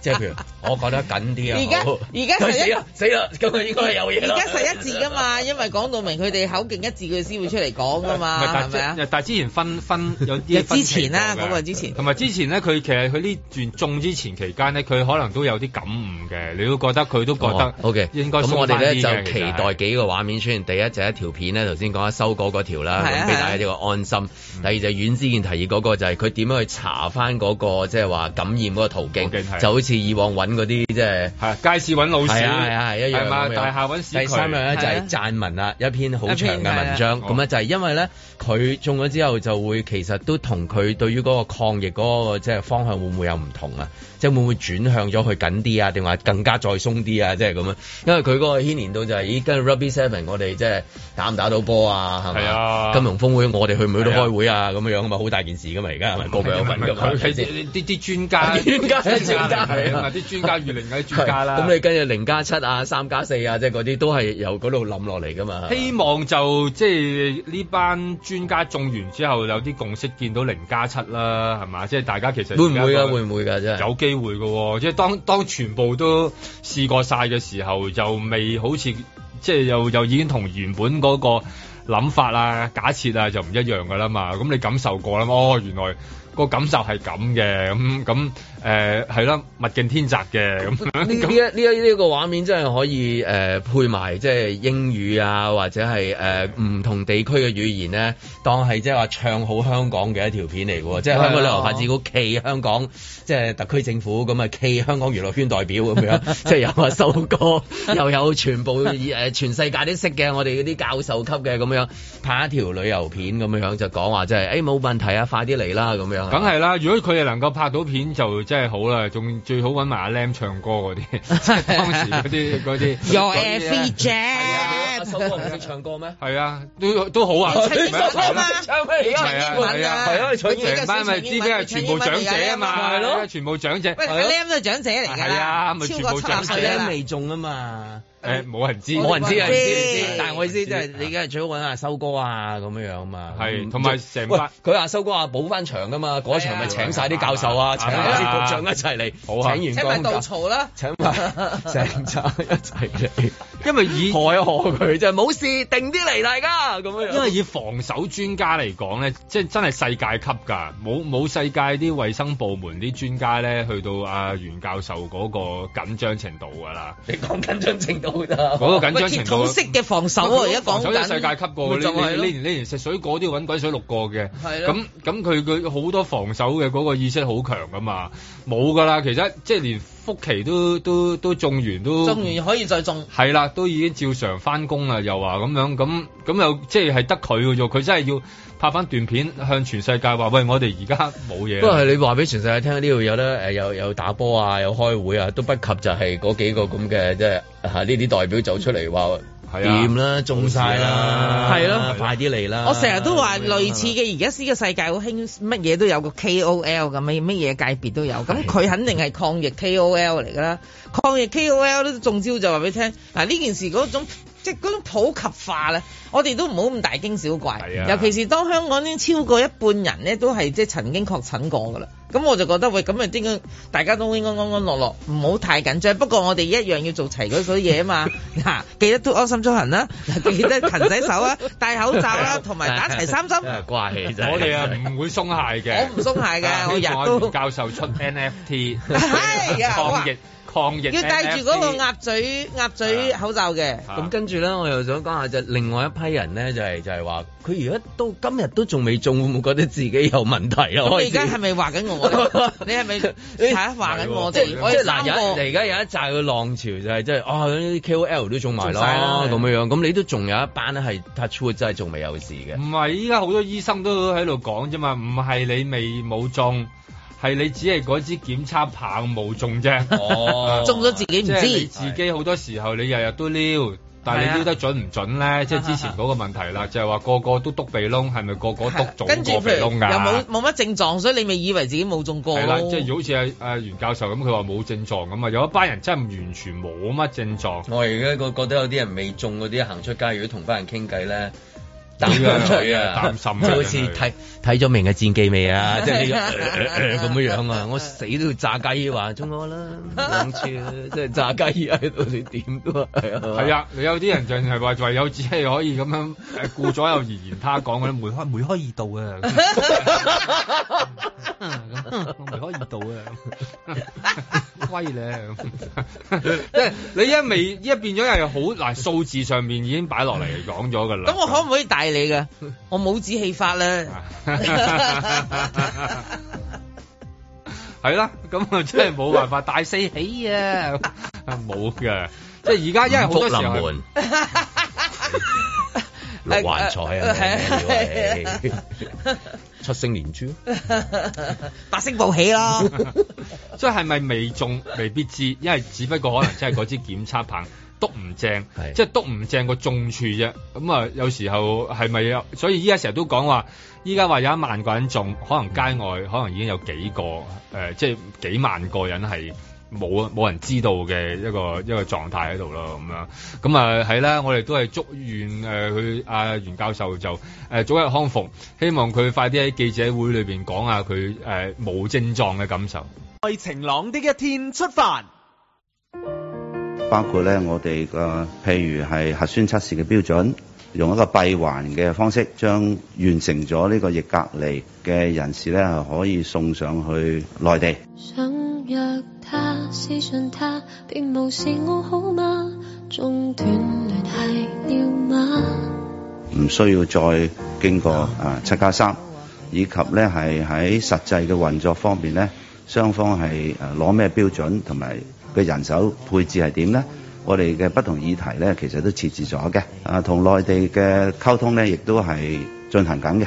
即係譬如我覺得緊啲啊，而家而家十一死啦，咁佢應該有嘢而家十一字噶嘛，因為講到明佢哋口徑一致，佢先會出嚟講噶嘛，但係之前分分有分之前啦、啊，嗰、那個係之前。同埋之前呢，佢其實佢呢段中之前期間呢，佢可能都有啲感悟嘅，你會覺得佢都覺得 OK 應該鬆啲、哦 okay, 我哋咧就期待幾個畫面出現，第一就係、一條片呢，頭先講緊收果嗰條啦，俾、啊啊、大家呢個安心。啊、第二就係阮之健提議嗰個就是。佢點樣去查翻、那、嗰個即係話感染嗰個途徑，就好似以往揾嗰啲即係係街市揾老鼠，係啊係啊係一樣。大廈揾第三樣咧就係、是、撰文啦，一篇好長嘅文章。咁咧就係因為咧。佢中咗之後就會其實都同佢對於嗰個抗疫嗰個即係方向會唔會有唔同啊？即係會唔會轉向咗去緊啲啊？定話更加再鬆啲啊？即係咁樣，因為佢嗰個牽連到就係，咦？跟住 Ruby Seven 我哋即係打唔打到波啊？係啊！金融峰會我哋去唔去到開會啊？咁、啊、樣樣啊嘛，好大件事噶嘛，而家係咪個個有份㗎嘛？啲啲專家專家專家啲專家預定係專家啦。咁你跟住零加七啊，三加四啊，即係嗰啲都係由嗰度冧落嚟噶嘛？希望就即係呢班。專家種完之後有啲共識，見到零加七啦，係嘛？即係大家其實會唔會噶？會唔會噶？即係有機會噶，即係當當全部都試過晒嘅時候，就未好似即係又又已經同原本嗰個諗法啊、假設啊就唔一樣噶啦嘛。咁你感受過啦，哦，原來個感受係咁嘅，咁、嗯、咁。嗯誒係啦，物競天擇嘅咁樣。呢一呢 一呢個畫面真係可以誒、呃、配埋即係英語啊，或者係誒唔同地區嘅語言呢。當係即係話唱好香港嘅一條片嚟嘅喎。即係香港旅遊發展局企香港，即、就、係、係、特區政府咁啊企香港娛樂圈代表咁樣，即 係有首歌， 又有全部誒、呃、全世界都識嘅我哋嗰啲教授級嘅咁樣拍一條旅遊片咁樣就講話即係誒冇問題啊，快啲嚟啦咁樣。梗係啦，如果佢哋能夠拍到片就。真係好啦，仲最好揾埋阿 Lam 唱歌嗰啲，當時嗰啲嗰啲。Your every jam。阿首哥唔識唱歌咩？係啊，都都好啊。唱英文啊！係啊，係啊，係啊！唱成班咪啲啲係全部長者啊嘛，係咯，全部長者。阿 Lam 都係長者嚟㗎啦，超過七十歲啦。未中啊嘛！誒、呃、冇人知，冇人知，冇知，知。但係我意思即係你梗係最好揾阿修哥啊咁樣樣嘛。係，同埋成班。佢話修哥啊，補翻場㗎嘛，嗰、嗯、場咪、啊、請晒啲教授啊，啊請啲局長一齊嚟、啊啊。好啊。請完講道場啦。請、啊，成紮一齊嚟。 因為以一何佢就冇事，定啲嚟大家咁樣。因為以防守專家嚟講咧，即、就、係、是、真係世界級㗎。冇冇世界啲衛生部門啲專家咧，去到阿袁教授嗰個緊張程度㗎啦。你講緊張程度？嗰、那個緊張程度，貼通式嘅防守啊！而家講緊，防守世界級過你，你你你連你食水果都要揾鬼水六個嘅，咁咁佢佢好多防守嘅嗰個意識好強噶嘛，冇噶啦，其實即係連。屋企都都都種完都，種完可以再種。係啦，都已經照常翻工啦，又話咁樣咁咁又即係得佢嘅啫，佢真係要拍翻段片向全世界話喂，我哋而家冇嘢。不過係你話俾全世界聽，呢度有得誒、呃，有有打波啊，有開會啊，都不及就係嗰幾個咁嘅，即係吓呢啲代表走出嚟話。 掂啦、啊，中曬啦，係咯、啊啊，快啲嚟啦！我成日都話類似嘅，而家呢個世界好興乜嘢都有個 KOL 咁樣，乜嘢界別都有，咁佢、啊、肯定係抗疫 KOL 嚟㗎啦。抗疫 KOL 都中招就話俾你聽，嗱、啊、呢件事嗰種即係嗰種普及化咧，我哋都唔好咁大驚小怪。尤其是當香港已經超過一半人咧都係即係曾經確診過噶啦，咁我就覺得喂，咁啊應該大家都應該安安樂樂，唔好太緊張。不過我哋一樣要做齊嗰啲嘢啊嘛。嗱，記得都安心出行啦，記得勤洗手啦，戴口罩啦、啊，同 埋打齊三針。乖 仔、呃，呃呃、 我哋啊唔會鬆懈嘅。 我唔鬆懈嘅，啊、我日都 教授出 NFT 抗 抗疫要戴住嗰個鴨嘴鴨嘴口罩嘅。咁、啊啊、跟住咧，我又想講下就另外一批人咧，就係、是、就係話佢而家都今日都仲未中，會唔會覺得自己有問題咯、啊 你？ 我而家係咪話緊我？你係咪睇下話緊我哋？即係而家有一紮嘅浪潮就係即係啊，啲 K O L 都中埋囉」。咁樣咁、啊、你都仲有一班係 touch wood 真係仲未有事嘅。唔係，依家好多醫生都喺度講啫嘛，唔係你未冇中。係你只係嗰支檢測棒冇中啫，哦、 中咗自己唔知。你自己好多時候你日日都撩，但係你撩得準唔準咧？啊、即係之前嗰個問題啦，啊、就係話個個都篤鼻窿，係咪個個篤中住鼻窿㗎？又冇冇乜症狀，所以你咪以為自己冇中過。係啦，即係好似阿阿袁教授咁，佢話冇症狀咁啊，有一班人真係完全冇乜症狀。我而家覺得有啲人未中嗰啲行出街，如果同班人傾偈咧。等佢啊，擔心啊！好似睇睇咗明日戰記未啊？即係呢個咁嘅樣啊！我死都要炸雞，話中安啦，講笑即係炸雞喺度，你點都係啊！係有啲人就係話，唯有只係可以咁樣顧左右而言他講嗰啲梅開梅開二度啊！嗯 我唔可以到呀， 威咧了！即 係你一未，一變咗又好嗱，數字上面已經擺落嚟講咗噶啦。咁 我可唔可以帶你㗎？我冇指氣法咧，係 啦， 咁啊真係冇辦法大四起啊！冇 㗎。即係而家因為好多時候竹門六環 彩啊！ 七星連珠， 八星報報喜咯。即係咪未中，未必知。因為只不過可能真係嗰支檢測棒篤唔正， 即係篤唔正個中處啫。咁、嗯、啊，有時候係咪啊？所以依家成日都講話，依家話有一萬個人中，可能街外可能已經有幾個誒、呃，即係幾萬個人係。冇啊！冇人知道嘅一個一個狀態喺度咯，咁樣咁啊，係啦！我哋都係祝願誒佢阿袁教授就誒、呃、早日康復，希望佢快啲喺記者會裏邊講下佢誒、呃、冇症狀嘅感受。為晴朗的一天出發。包括咧，我哋嘅譬如係核酸測試嘅標準，用一個閉環嘅方式，將完成咗呢個疫隔離嘅人士咧，係可以送上去內地。想唔需要再經過啊、呃、七加三，以及咧係喺實際嘅運作方面咧，雙方係攞咩標準，同埋嘅人手配置係點咧？我哋嘅不同議題咧，其實都設置咗嘅啊，同、呃、內地嘅溝通咧，亦都係進行緊嘅。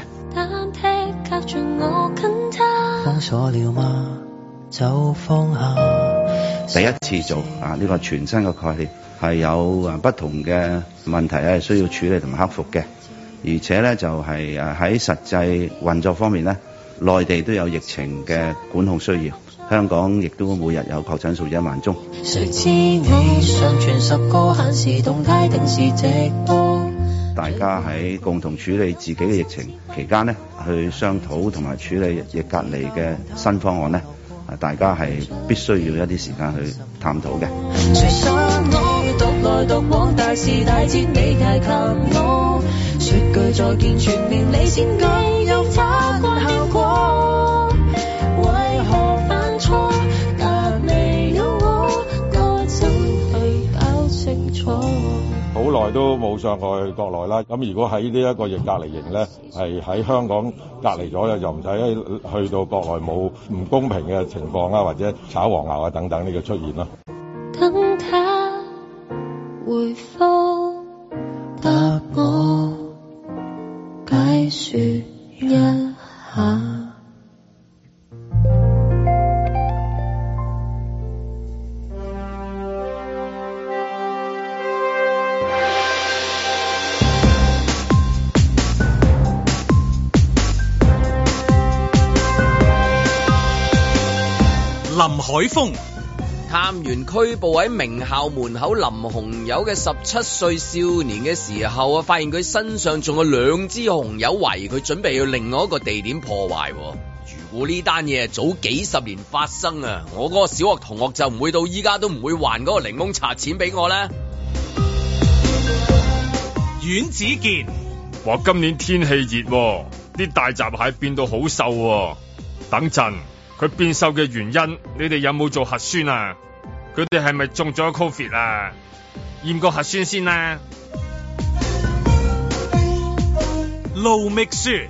隔住我跟他鎖了嗎？第一次做啊，呢、這個全新嘅概念係有啊不同嘅問題需要處理同埋克服嘅，而且咧就係、是、喺實際運作方面咧，內地都有疫情嘅管控需要，香港亦都每日有確診數一萬宗。誰知你上傳十個，限時動態定時直播。大家喺共同處理自己嘅疫情期間咧，去商討同埋處理疫隔離嘅新方案咧。大家係必須要一啲時間去探討嘅。都冇上去國內啦，咁如果喺呢一個疫隔離營咧，係喺香港隔離咗咧，就唔使去到國內冇唔公平嘅情況啦，或者炒黃牛啊等等呢個出現咯。等他回復，答我解說一下。海豐探員拘捕喺名校門口淋紅油嘅十七歲少年嘅時候啊，發現佢身上仲有兩支紅油，懷疑佢準備要另外一個地點破壞。如果呢單嘢早幾十年發生啊，我嗰個小學同學就唔會到依家都唔會還嗰個檸檬茶錢俾我咧。阮子健，話今年天氣熱喎，啲大閘蟹變到好瘦喎。等陣。佢變瘦嘅原因，你哋有冇做核酸啊？佢哋係咪中咗 Covid 啊？驗個核酸先啦。盧覓雪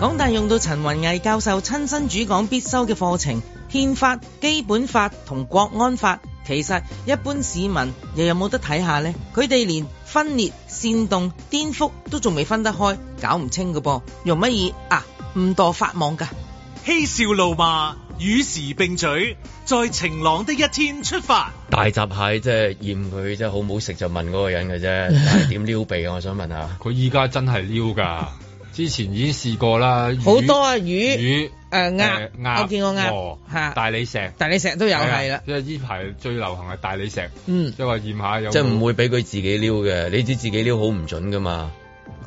港大用到陳雲毅教授親身主講必修嘅課程《憲法》《基本法》同《國安法》，其實一般市民又有冇得睇下呢？佢哋連分裂、煽動、顛覆都仲未分得開，搞唔清㗎噃，用乜嘢啊？誤墮法網噶，嬉笑怒罵。與時並舉，在晴朗的一天出發。大閘蟹即係驗佢，即係好唔好食就問嗰個人嘅啫。點 撩鼻啊？我想問下，佢依家真係撩噶。 之前已經試過啦。好多啊魚魚誒鴨鴨我見過鴨、啊、大理石大理石都有係啦。即係依排最流行係大理石。嗯。即係話驗下有，有。即係唔會俾佢自己撩嘅。你知自己撩好唔準噶嘛？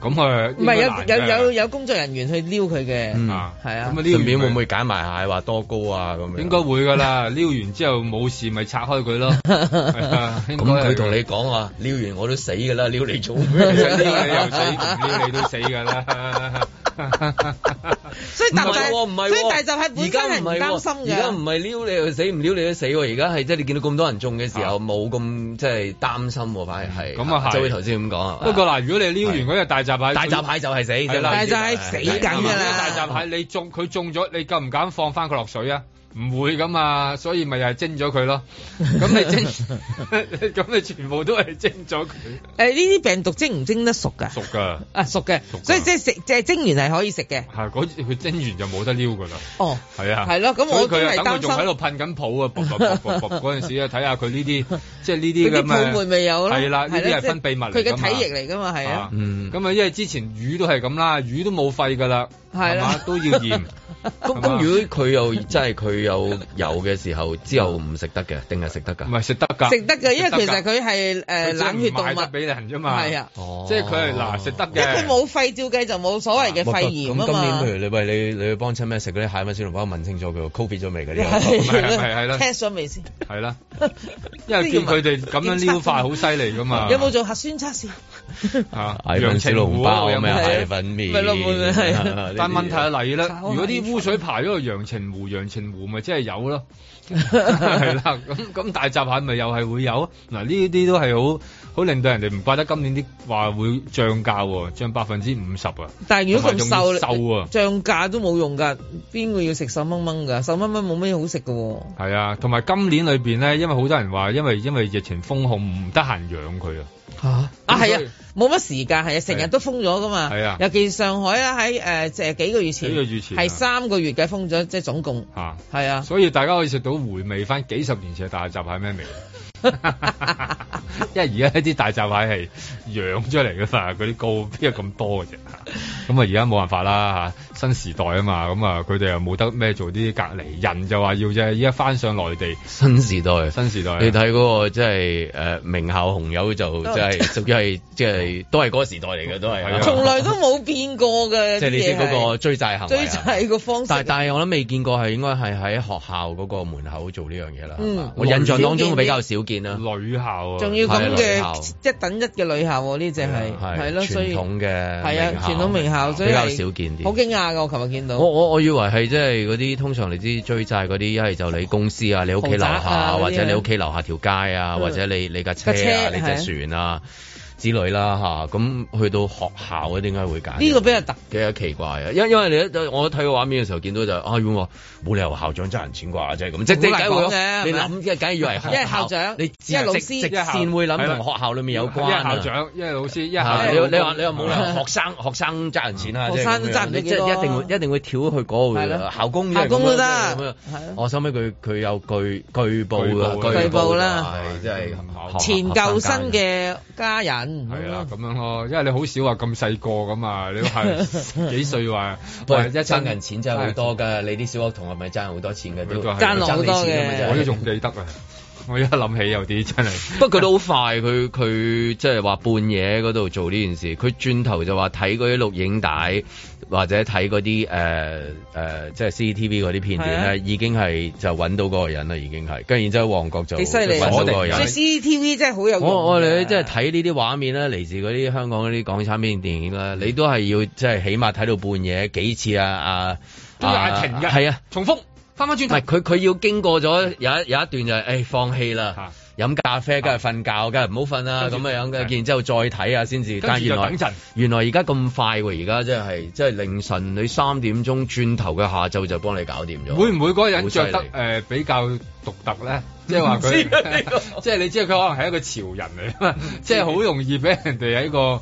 咁、嗯、啊，唔、嗯、係有有有有工作人員去撩佢嘅，係、嗯、啊，咁、嗯、啊、嗯嗯嗯嗯嗯、順便會唔會解埋鞋話多高啊咁樣？應該會㗎啦， 撩完之後冇事咪拆開佢咯。咁佢同你講話、啊、撩完我都死㗎啦，撩你做咩？撩你死，撩你都死㗎啦。 所以大閘蟹，所以大閘蟹本身唔係擔心嘅。而家唔係撩你又死，唔撩你都死。而家係即係你見到咁多人中嘅時候，冇、啊、咁即係擔心。反而係咁啊，係、嗯嗯。就會頭先咁講。不過嗱，如果你撩完嗰隻大閘蟹，大閘蟹就係死，就死、就是就死那個、大閘蟹係就係死緊啊！大閘蟹你中佢中咗，你敢唔敢放翻佢落水啊？唔會噶嘛，所以咪又係蒸咗佢咯。咁你蒸，咁 你全部都係蒸咗佢。誒呢啲病毒蒸唔蒸得熟㗎？熟㗎，啊熟嘅，所以即係食，即係蒸完係可以食嘅。係、啊、佢蒸完就冇得撩㗎啦。哦，係啊，係咯。咁佢係等仲喺度噴緊泡啊，嗰陣時睇下佢呢啲，即係呢啲咁啊。嗰未有啦。係啦，呢啲係分泌物嚟。佢而家體液嚟㗎嘛係啊。嗯。咁啊，因為之前魚都係咁啦，魚都冇肺㗎啦，係嘛都要驗。咁如果佢又真係佢。有有嘅時候之後唔食得嘅，定係食得噶？唔係食得噶，食得噶，因為其實佢係誒冷血動物俾人啫嘛。係啊，哦、即係佢嗱食得嘅。因為佢冇肺，照計就冇所謂嘅肺炎咁、啊、今年譬如你喂你、你，你去幫襯咩食嗰啲蟹粉小籠包，問清楚佢，covid 咗未噶？係係啦，test 咗未先？係啦，因為叫佢哋咁樣撩法好犀利噶嘛。有冇做核酸測試？嚇、 啊，羊小龍包、 啊、有咩蟹、啊、粉麵、啊啊啊？ 但問題就係咧，如果啲污水排咗去陽澄湖，陽 澄湖咪即係有囉。係 啦、 啊。咁咁大閘蟹咪又係會有。嗱、啊，呢啲都係好。好令到人哋唔怪得今年啲話會漲價，漲百分之五十啊！但係如果咁瘦，瘦，漲價瘦，瘦蚪蚪啊，漲價都冇用㗎，邊個要食瘦蜢蜢㗎？瘦蜢蜢冇咩好食㗎喎。係啊，同埋今年裏邊咧，因為好多人話，因為因為疫情封控，唔得閒養佢啊。啊係啊，冇乜時間係啊，成日、啊、都封咗㗎嘛。係啊，尤其上海啊，喺誒誒幾個月前幾個月前係三個月嘅封咗，即係總共係啊，啊。所以大家可以食到回味返幾十年前嘅大閘蟹咩味？ 因為而家呢啲大閘蟹係養出嚟噶嘛，嗰啲膏邊有咁多嘅啫？咁啊而家冇辦法啦嚇。啊新時代啊嘛，咁啊佢哋又冇得咩做啲隔離，人就話要啫，依家翻上內地新時代，新時代，你睇嗰、那個即係誒名校紅友就即係屬於係即係都係嗰、就是 就是就是、個時代嚟嘅，都係從、啊、來都冇變過嘅。即、就、係、是、你知嗰個追債行追債個方式但，但但係我都未見過係應該係喺學校嗰個門口做呢樣嘢啦。我印象當中比較少見啦、啊。女校啊，仲要咁嘅、這個、一等一嘅女校，呢只係係咯，傳統嘅係啊、傳、啊統，啊、統名校，所以比較少見啲，好驚訝。我琴日見到我，我我我以為係即係嗰啲通常你知追債嗰啲，一係就你公司啊，你屋企樓下，或者你屋企樓下條街啊，或者你你架車啊，你隻船啊。子女啦吓，咁、啊、去到學校咧，點解會揀？呢、呢個比較特嘅奇怪啊。因因為你我睇個畫面嘅時候見到就啊，冇理由校長揸人錢啩啫咁，即係梗係你諗梗係以為，校長，你因為老師，因為校，同學校裡面有關、啊，因為校長，因為老師，因為校啊、你你話你話冇啦，學生學生揸人錢啦、啊嗯就是，學生揸人錢，一定會一定會跳去嗰個嘅校工，校工都得，我收尾佢佢有據據報嘅，據報啦，即係前舊生嘅家人。係啦，咁 樣咯，因為你好少話咁細個咁啊，你都係幾歲話，喂，一爭銀錢真係好多噶，你啲小學同學咪爭好多錢嘅，係爭好多嘅，我都仲記得啊。我一諗起有啲真係，不過佢都好快，佢佢即係話半夜嗰度做呢件事，佢轉頭就話睇嗰啲錄影帶或者睇嗰啲誒誒，即係 CCTV 嗰啲片段咧，啊，已經係就搵到嗰個人啦，已經係，跟住然之後旺角就搵到個人。CCTV 真係好有我我哋即係睇呢啲畫面咧，嚟自嗰啲香港嗰啲港產片電影啦，嗯，你都係要即係，就是，起碼睇到半夜幾次啊啊，都停一係啊，啊重複。翻翻轉頭，佢佢要經過咗有一有一段就係、是，唉、哎、放棄啦、啊，飲咖啡，梗係瞓覺，啊、梗係唔好瞓啊咁嘅樣嘅，然之後再睇下先至。但係等陣，原來而家咁快喎！而家即係即係凌晨你三點鐘轉頭嘅下晝就幫你搞掂咗。會唔會嗰個人着得、呃、比較獨特咧？即係話佢，即係 你知佢可能係一個潮人嚟即係好容易俾人哋喺個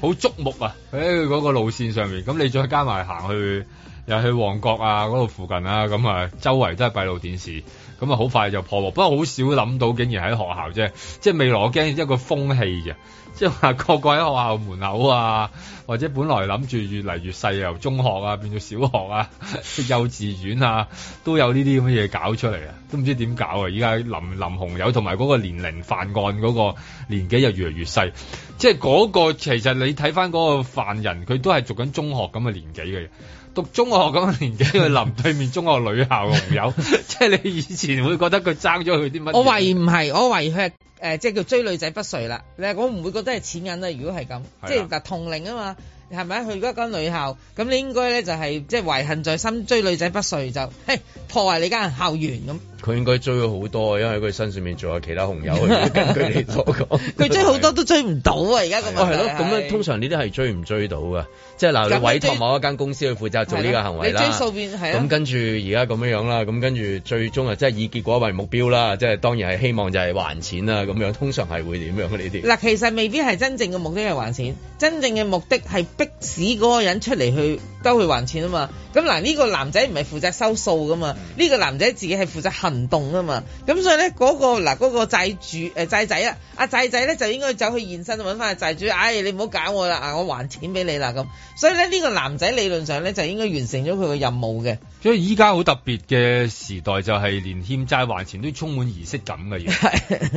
好觸目啊！喺嗰個路線上面，咁你再加埋行去。又去旺角啊！嗰度附近啊，咁啊，周圍都係閉路電視，咁啊，好快就破獲。不過好少諗到，竟然喺學校啫，即係未來我驚一個風氣嘅，即係話個個喺學校門口啊，或者本來諗住越嚟越細，由中學啊變到小學啊，幼稚園啊都有呢啲咁嘅嘢搞出嚟啊，都唔知點搞啊！依家林林紅友同埋嗰個年齡犯案嗰個年紀又越嚟越細，即係、那、嗰個其實你睇返嗰個犯人，佢都係讀緊中學咁嘅年紀嘅。讀中學咁嘅年紀去臨對面中學女校嘅朋友， 即係你以前會覺得佢爭咗佢啲乜？我懷疑唔係，我懷疑佢係誒，即係叫追女仔不遂啦。你我唔會覺得係錢銀啦。如果係咁，啊，即係嗱同齡啊嘛，係咪？去嗰一間女校，咁你應該咧就係、是、即係遺恨在心，追女仔不遂就嘿破壞、啊、你間校園咁。佢應該追佢好多啊，因為佢身上面仲有其他紅油，根據你所講，佢 追好多都追唔到啊！而家咁樣，係咯，咁啊，通常呢啲係追唔追到噶？即係嗱，就是、你委託某一間公司去負責做呢、這個行為啦，你追數面係啊，咁跟住而家咁樣啦，咁跟住最終啊，即係以結果為目標啦，即、就、係、是、當然係希望就係還錢啦，咁樣通常係會點樣呢啲？嗱，其實未必係真正嘅目的係還錢，真正嘅目的係逼使嗰個人出嚟去兜去還錢啊嘛！咁嗱，呢個男仔唔係負責收數噶嘛，呢、這個男仔自己係負責唔動啊嘛，咁所以咧嗰、嗰個嗱嗰、嗰個債主誒債仔啊，阿債仔咧就應該走去現身揾翻個債主，哎你唔好搞我啦，我還錢俾你啦咁，所以咧呢個男仔理論上咧就應該完成咗佢個任務嘅。所以依家好特別嘅時代就係連欠債還錢都充滿儀式感嘅嘢，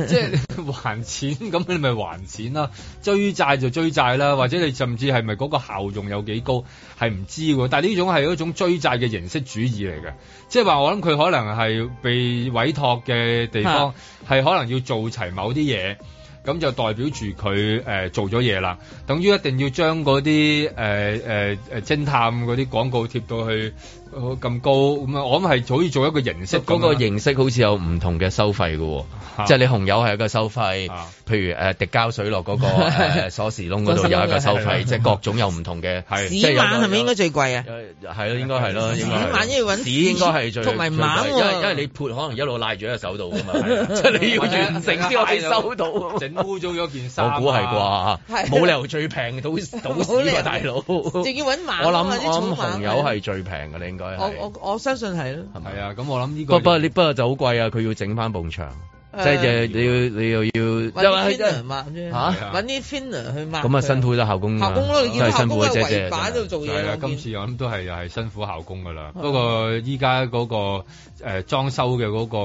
即係還錢咁，你咪還錢啦。追債就追債啦，或者你甚至係咪嗰個效用有幾高係唔知喎？但係呢種係一種追債嘅形式主義嚟嘅，即係話我諗佢可能係被委託嘅地方係 可能要做齊某啲嘢，咁就代表住佢誒做咗嘢啦。等於一定要將嗰啲誒誒誒偵探嗰啲廣告貼到去。咁高咁啊！我諗係可以做一個形式，嗰個形式好似有唔同嘅收費㗎，即係你紅油係一個收費，譬如誒滴膠水落嗰個誒鎖匙窿嗰度有一個收費，即係各種有唔同嘅。係屎蜢係咪應該最貴啊？係咯，應該係咯，應該。屎蜢都要揾屎，應該係最，因為因為你潑可能一路瀨住喺手度噶嘛，即係你要完成先可以收到。整污糟咗件衫，我估係啩，冇理由最平到到屎個大佬。仲要揾蜢啊啲蟲蜢。我諗我諗紅油係最平嘅，你應該。我我我相信係咯，係啊。咁我諗呢個不不，不過就好貴啊！佢要整翻埲牆，即、嗯、係、就是、你要你又要揾啲 finer 抹揾啲 finer 去抹。咁、嗯、啊辛苦咗校工、啊，校工咯、啊，你、嗯、見校工都係圍板喺度做嘢。今次我諗都係又係辛苦校工噶啦、嗯。不過依家嗰個誒、呃、裝修嘅嗰、那個、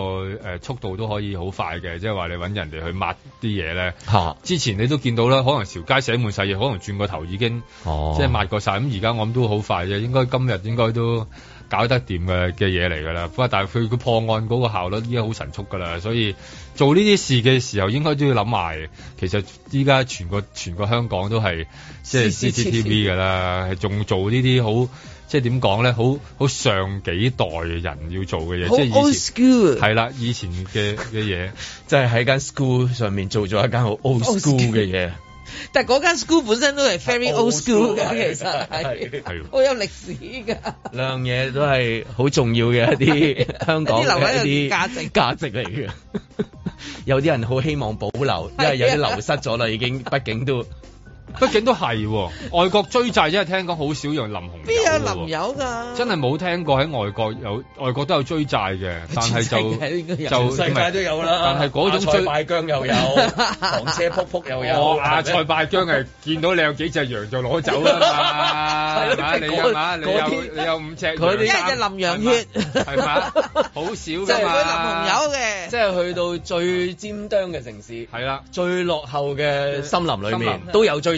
呃、速度都可以好快嘅，即係話你揾人哋去抹啲嘢咧。之前你都見到啦，可能條街寫滿晒嘢，可能轉個頭已經、啊、即係抹過晒。咁而家我諗都好快啫，應該今日應該都。搞得掂嘅嘅嘢嚟噶啦，不過但係佢佢破案嗰個效率依家好神速噶啦，所以做呢啲事嘅時候應該都要諗埋。其實依家全個全個香港都係、就是、即係 CCTV 噶啦，仲做呢啲好即係點講咧，好好上幾代嘅人要做嘅嘢，即係以前係啦，以前嘅嘅嘢，即係喺間 school 上面做咗一間好 old school 嘅嘢。但係嗰間 school 本身都係 very old school 嘅，其實係好有歷史㗎。兩樣嘢都係好重要嘅一啲香港留一啲價值價值嚟嘅。 有啲人好希望保留，因為有啲流失咗啦，已經畢竟都。畢竟都係外國追債，真係聽講好少用林紅。邊有林友㗎？真係冇聽過喺外國有外國都有追債嘅，但係就就世界都有啦。但係嗰種追，阿塞拜疆又有，黃車撲撲又有。我啊，阿塞拜疆係見到你有幾隻羊就攞走啦嘛，係嘛？你又嘛？你又你有五隻羊？佢哋一隻林羊血係嘛？好少㗎嘛！即係嗰啲林紅友嘅，即係去到最尖端嘅城市，係啦，最落後嘅森林裡面都有追。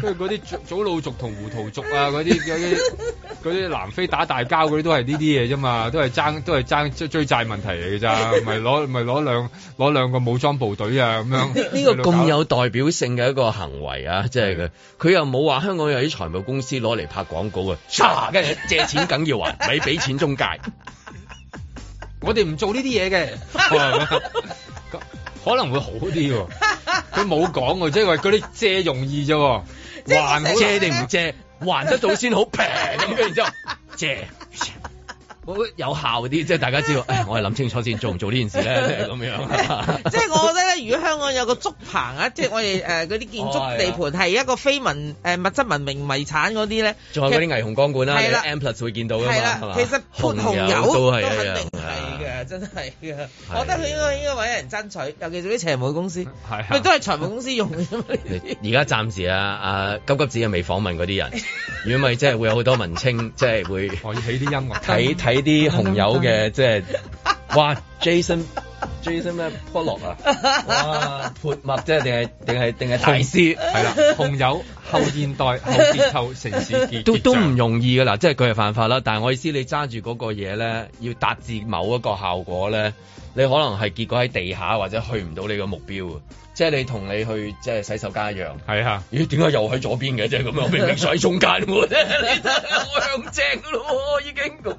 佢嗰啲祖魯族同胡圖族啊，嗰啲嗰啲啲南非打大交嗰啲都係呢啲嘢啫嘛，都係爭都係爭追債債問題嚟嘅咋，唔係攞唔係攞兩攞兩個武裝部隊啊咁樣。呢、這個咁有代表性嘅一個行為啊，真係嘅。佢、嗯、又冇話香港有啲財務公司攞嚟拍廣告啊，渣 跟借錢梗要還，咪 俾錢中介。我哋唔做呢啲嘢嘅， 可能會好啲、啊。佢冇講，即係話嗰啲借容易啫、啊。還借定唔借，還得到先好平咁。然之後借，好有效啲，即係大家知道。誒，我係諗清楚先做唔做呢件事咧，咁、就是、樣。即 係我覺得咧，如果香港有個竹棚啊，即、就、係、是、我哋嗰啲建築地盤係一個非文誒、呃、物質文明遺產嗰啲咧，仲、哦啊、有嗰啲霓虹光管啦，有 a、啊、M+ 會見到㗎嘛、啊啊，其實紅，紅油都係啊。真係㗎，我覺得佢應該應該揾人爭取，尤其是啲財務公司，佢都係財務公司用嘅。而家暫時啊 啊，急急止啊，未訪問嗰啲人。如果咪即係會有好多文青， 即係會可以起啲音樂睇睇啲紅友嘅，即 係、就是、哇，Jason。Jackson 咩 Pollock 啊！哇，潑墨啫，定係定係定係大師？係 啦還是，紅油、後現代、後結構、城市結都結都唔容易嘅啦，即係佢係犯法啦。但係我意思，你揸住嗰個嘢咧，要達至某一個效果咧，你可能係結果喺地下，或者去唔到你嘅目標啊。即係你同你去即係洗手間一樣係啊！咦？欸、點解又喺左邊嘅？即係咁樣，明明想喺中間喎， 我向正咯，已經咁。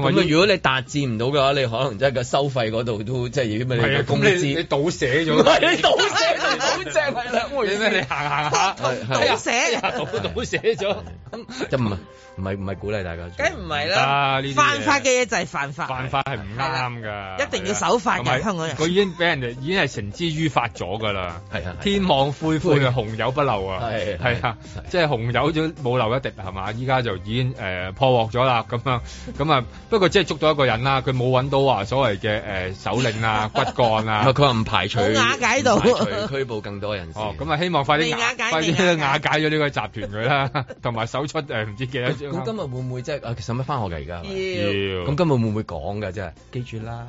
如果你達至唔到嘅話，你可能真係個收費嗰度都即係如果咪你嘅工資，你倒寫咗，你倒寫，你倒寫係啦。我而家你行行下、 哎哎，倒寫，倒倒寫咗，咁就唔。 唔係唔係鼓勵大家，梗唔係啦，犯法嘅嘢就係犯法，犯法係唔啱㗎，一定要守法嘅香港人。佢已經俾人哋，已經係成之於法咗㗎啦，係 啊，天網恢恢，紅油不漏啊，係係啊，即係紅油咗冇漏一滴係嘛？依家就已經誒、呃、破獲咗啦，咁樣咁啊，不 過即係捉到一個人啦，佢冇揾到話所謂嘅誒首領啊 骨幹啊，佢話唔排除瓦解到，拘捕更多人。咁啊，希望快啲解，瓦解咗呢個集團佢啦，同埋搜出誒唔知幾多。咁今日會唔會即係其實咪返學嚟而家，咁今日會唔會講㗎？即係記住啦、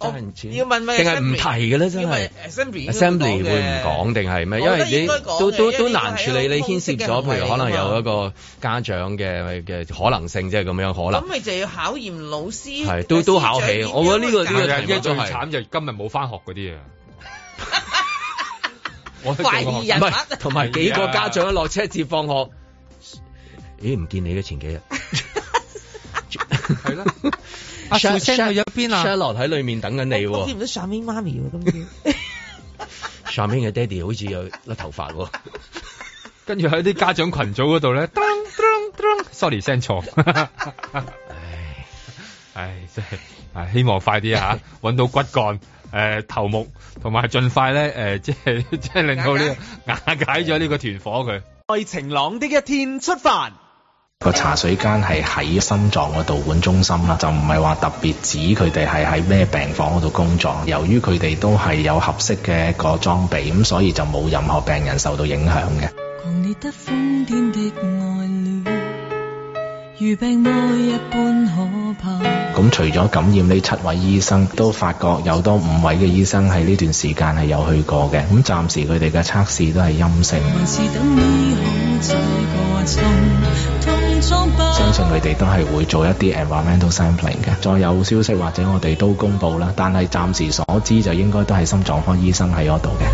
哦，真係唔知。要問問，定係唔提嘅呢？真係。Assembly，Assembly 會唔講定係咩？因為你都都都難處理，你牽涉咗，譬如可能有一個家長嘅嘅可能性，即係咁樣可能。咁咪就要考驗老師。係，都都考起。我覺得呢、呢個呢、呢個題目都就，是、最慘就今日冇返學嗰啲啊！ 我懷疑人物，同埋幾個家長一落車接放學。 咦、哎，唔見你嘅前幾日，係 啦，阿、啊、傅去咗邊啦，阿羅喺裏面等緊你、啊，見唔、啊、到上面媽咪今次上面嘅爹哋好似有甩頭髮、啊，跟住喺啲家長群組嗰度咧，sorry 聲錯 唉，唉，唉，真係，啊，希望快啲吓，搵到骨幹，誒、呃，頭目同埋盡快咧，誒、呃，即係即係令到呢瓦解咗呢個團伙佢。在、呃、晴朗的一天出發。個茶水間係喺心臟個導管中心啦，就唔係話特別指佢哋係喺咩病房嗰度工作。由於佢哋都係有合適嘅個裝備，咁所以就冇任何病人受到影響嘅。狂烈得瘋癲的愛戀，如病一般可怕。咁除咗感染呢七位醫生，都發覺有多五位嘅醫生喺呢段時間係有去過嘅，咁暫時佢哋嘅測試都係陰性。相信佢哋都係會做一啲 environmental sampling 嘅，再有消息或者我哋都公布啦，但係暫時所知就應該都係心臟科醫生喺嗰度嘅。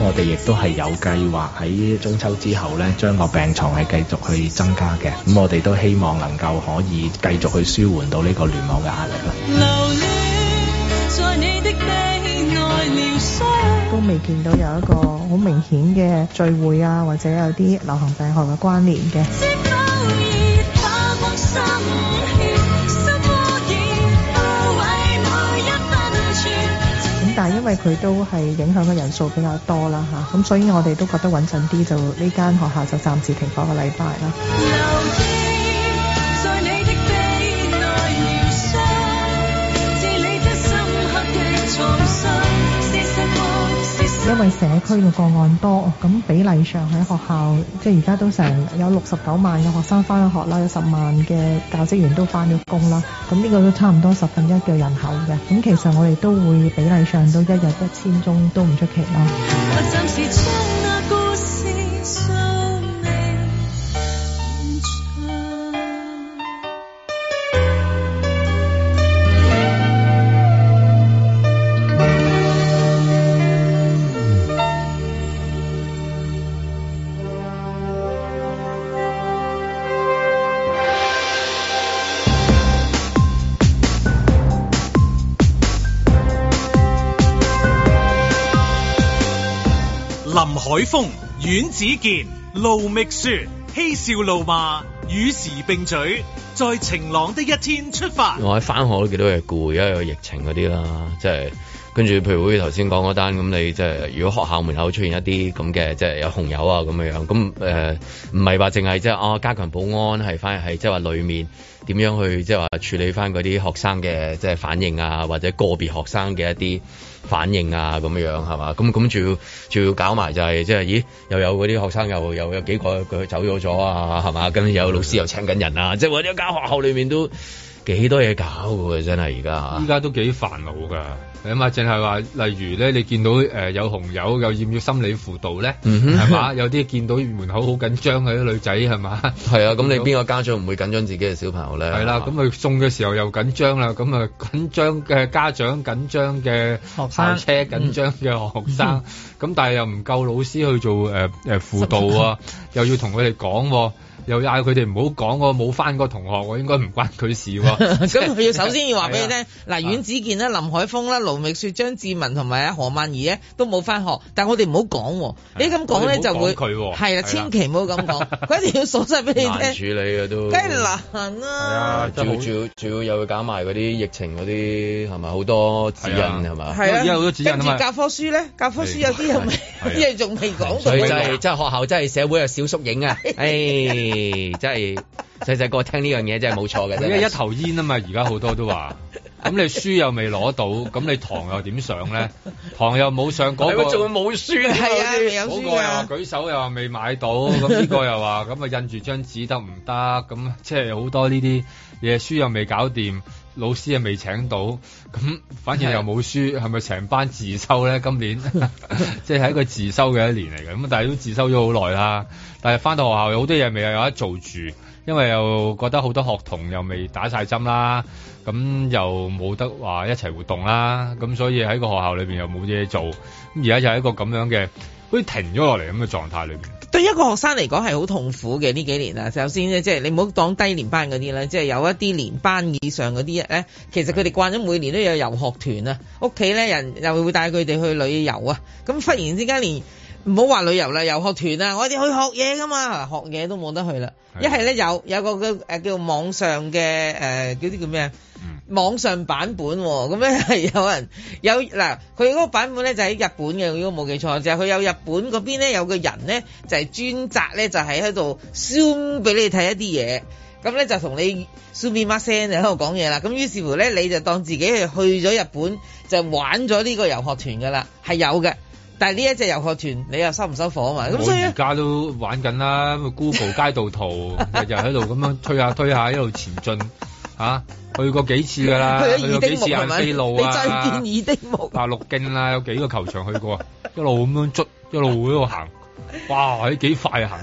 我哋亦都係有計劃喺中秋之後呢，將個病床係繼續去增加嘅，咁我哋都希望能夠可以繼續去舒緩到呢個聯網嘅壓力啦。都未見到有一個好明顯嘅聚會啊，或者有啲流行病學嘅關聯嘅。咁但係因為佢都係影響嘅人數比較多啦吓，咁所以我哋都覺得穩陣啲，就呢間學校就暫時停課個禮拜啦。因為社區嘅個案多，咁比例上喺學校，即係而家都成有六十九萬嘅學生返咗學啦，有十萬嘅教職員都返咗工啦，咁呢個都差唔多十分一嘅人口嘅，咁其實我哋都會比例上都一日一千宗都唔出奇啦。許峰阮子健、盧覓雪嬉笑怒罵與時並嘴，在晴朗的一天出發。我喺翻學都幾多嘢，攰，因為有疫情嗰啲啦，即係跟住，譬如好似頭先講嗰單咁，那你即係、就是、如果學校門口出現一啲咁嘅，即、就、係、是、有紅油啊咁樣樣，咁誒唔係話淨係即係哦加強保安係反而係，即係話裏面點樣去即係話處理翻嗰啲學生嘅即係反應啊，或者個別學生嘅一啲。反應啊咁樣係嘛？咁咁仲要仲要搞埋就係即係咦又有嗰啲學生又又有幾個佢走咗咗啊係嘛？跟住有老師又請緊人啊！即係話一間學校裏面都幾多嘢搞喎，真係而家。而家都幾煩惱㗎。咁啊，淨係話，例如咧，你見到誒、呃、有紅油，又要唔要心理輔導咧？係、嗯、嘛，有啲見到門口好緊張嘅啲女仔，係嘛？係啊，咁你邊個家長唔會緊張自己嘅小朋友咧？係啦、啊，咁佢、啊嗯、送嘅時候又緊張啦，咁啊緊張嘅家長，緊張嘅學生車緊張嘅學生，咁、嗯嗯、但係又唔夠老師去做誒誒輔導啊，又要同佢哋講。又嗌佢哋唔好講我冇翻過同學，我應該唔關佢事喎、啊。咁 要首先要話俾你、啊啊啊你，哦啊啊、你聽，嗱，阮子健咧、林海峰咧、盧覓雪、張志文同埋阿何曼儀咧都冇翻學，但係我哋唔好講喎。你咁講咧就會係啊，千祈唔好咁講。佢一定要鎖晒俾你聽。處理啊都梗係難啦、啊。啊，主要仲要仲要又搞埋嗰啲疫情嗰啲係咪好多指引係咪？係啊。跟住、啊啊、教科書咧，教科書有啲又未，啲嘢仲未講到是、啊。佢就真、是、係、啊、學校真係社會嘅小縮影啊！誒、啊。哎 即、嗯、係細細個聽呢樣嘢，真係冇錯嘅。因為一頭煙啊嘛，而家好多都話，咁 你書又未攞到，咁你堂又點上咧？堂又冇上嗰、嗰個仲會冇 書，係啊，嗰 個又話舉手又話未買到，咁 呢個又話咁啊印住張紙得唔得？咁即係好多呢啲嘢，書又未搞掂。老師又未請到，咁反而又冇書，係咪成班自修咧？今年即係喺一個自修嘅一年嚟嘅，咁但係都自修咗好耐啦。但係返到學校有好多嘢未有得做住，因為又覺得好多學童又未打晒針啦，咁又冇得話一齊活動啦，咁所以喺個學校裏面又冇嘢做，咁而家就係一個咁樣嘅好似停咗落嚟咁嘅狀態裏面。對一個學生嚟講係好痛苦嘅呢幾年啊！首先咧，即係你唔好當低年班嗰啲啦，即係有一啲年班以上嗰啲咧，其實佢哋慣咗每年都有遊學團啊，屋企咧人又會帶佢哋去旅遊啊，咁忽然之間連，唔好話旅遊啦，遊學團啊，我哋去學嘢噶嘛，學嘢都冇得去啦。啊、一係咧有有個叫誒叫網上嘅誒啲叫咩啊、嗯？網上版本咁咧係有人有嗱，佢嗰個版本咧就喺日本嘅，如果冇記錯就係、是、佢有日本嗰邊咧有個人咧就係、是、專責咧就喺喺度 zoom 俾你睇一啲嘢，咁咧就同你 zoom b e 喺度講嘢啦。咁於是乎咧你就當自己係去咗日本就玩咗呢個遊學團噶啦，係有嘅。但係呢一隻遊學團，你又收唔收火啊嘛？咁我而家都玩緊啦 ，Google 街道圖日日喺度咁樣推下推下，一路前進吓，去過幾次㗎啦，去過幾次啊，四路啊，你再見耳釘木，八、啊、六徑啦、啊，有幾個球場去過， 一路咁樣捽，一路喺度行， 哇！幾快行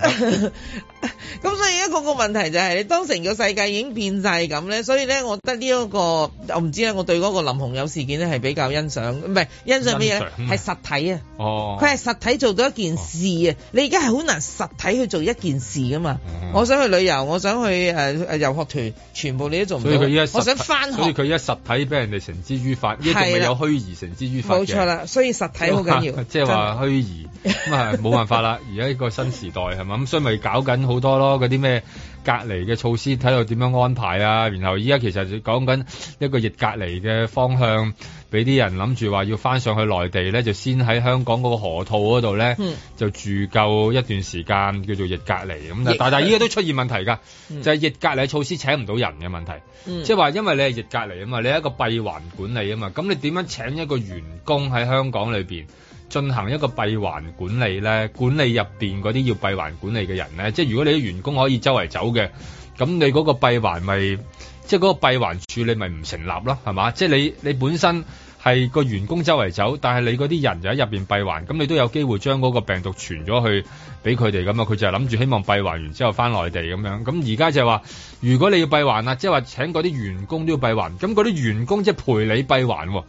咁所以一個個問題就係、是，你當成個世界已經變晒咁咧，所以咧，我覺得呢、這、一個，我唔知咧，我對嗰個林鴻有事件咧係比較欣賞，唔係欣賞咩嘢咧，係實體啊，佢、哦、係實體做到一件事啊，哦、你而家係好難實體去做一件事噶嘛、哦，我想去旅遊，我想去誒遊學團，全部你都做唔到，我想翻，所以佢一實體俾人哋繩之於法，一定係有虛擬繩之於法冇錯啦，所以實體好緊要，即係話虛擬咁啊，冇、就是、辦法啦，而家呢個新時代係嘛，咁所以咪搞緊好。好多咯，嗰啲咩隔離嘅措施睇到點樣安排啊，然後依家其實講緊一個逆隔離嘅方向，俾啲人諗住話要翻上去內地咧，就先喺香港嗰個河套嗰度咧就住夠一段時間叫做逆隔離咁。但係、但係依家都出現問題噶，就係、係、逆隔離措施請唔到人嘅問題，嗯、即係話因為你係逆隔離啊嘛，你係一個閉環管理啊嘛，咁你點樣請一個員工喺香港裏面？進行一個閉環管理咧，管理入面嗰啲要閉環管理嘅人咧，即係如果你啲員工可以周圍走嘅，咁你嗰個閉環咪即係嗰個閉環處理咪唔成立咯，係嘛？即係你你本身係個員工周圍走，但係你嗰啲人就喺入面閉環，咁你都有機會將嗰個病毒傳咗去俾佢哋咁啊！佢就係諗住希望閉環完之後翻內地咁樣。咁而家就係話，如果你要閉環啊，即係話請嗰啲員工都要閉環，咁嗰啲員工即係陪你閉環喎。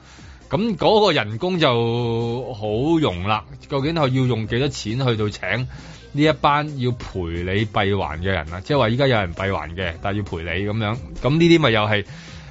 咁嗰個人工就好容啦。究竟係要用幾多錢去到請呢一班要賠你閉環嘅人啊？即係話依家有人閉環嘅，但係要賠你咁樣。咁呢啲咪又係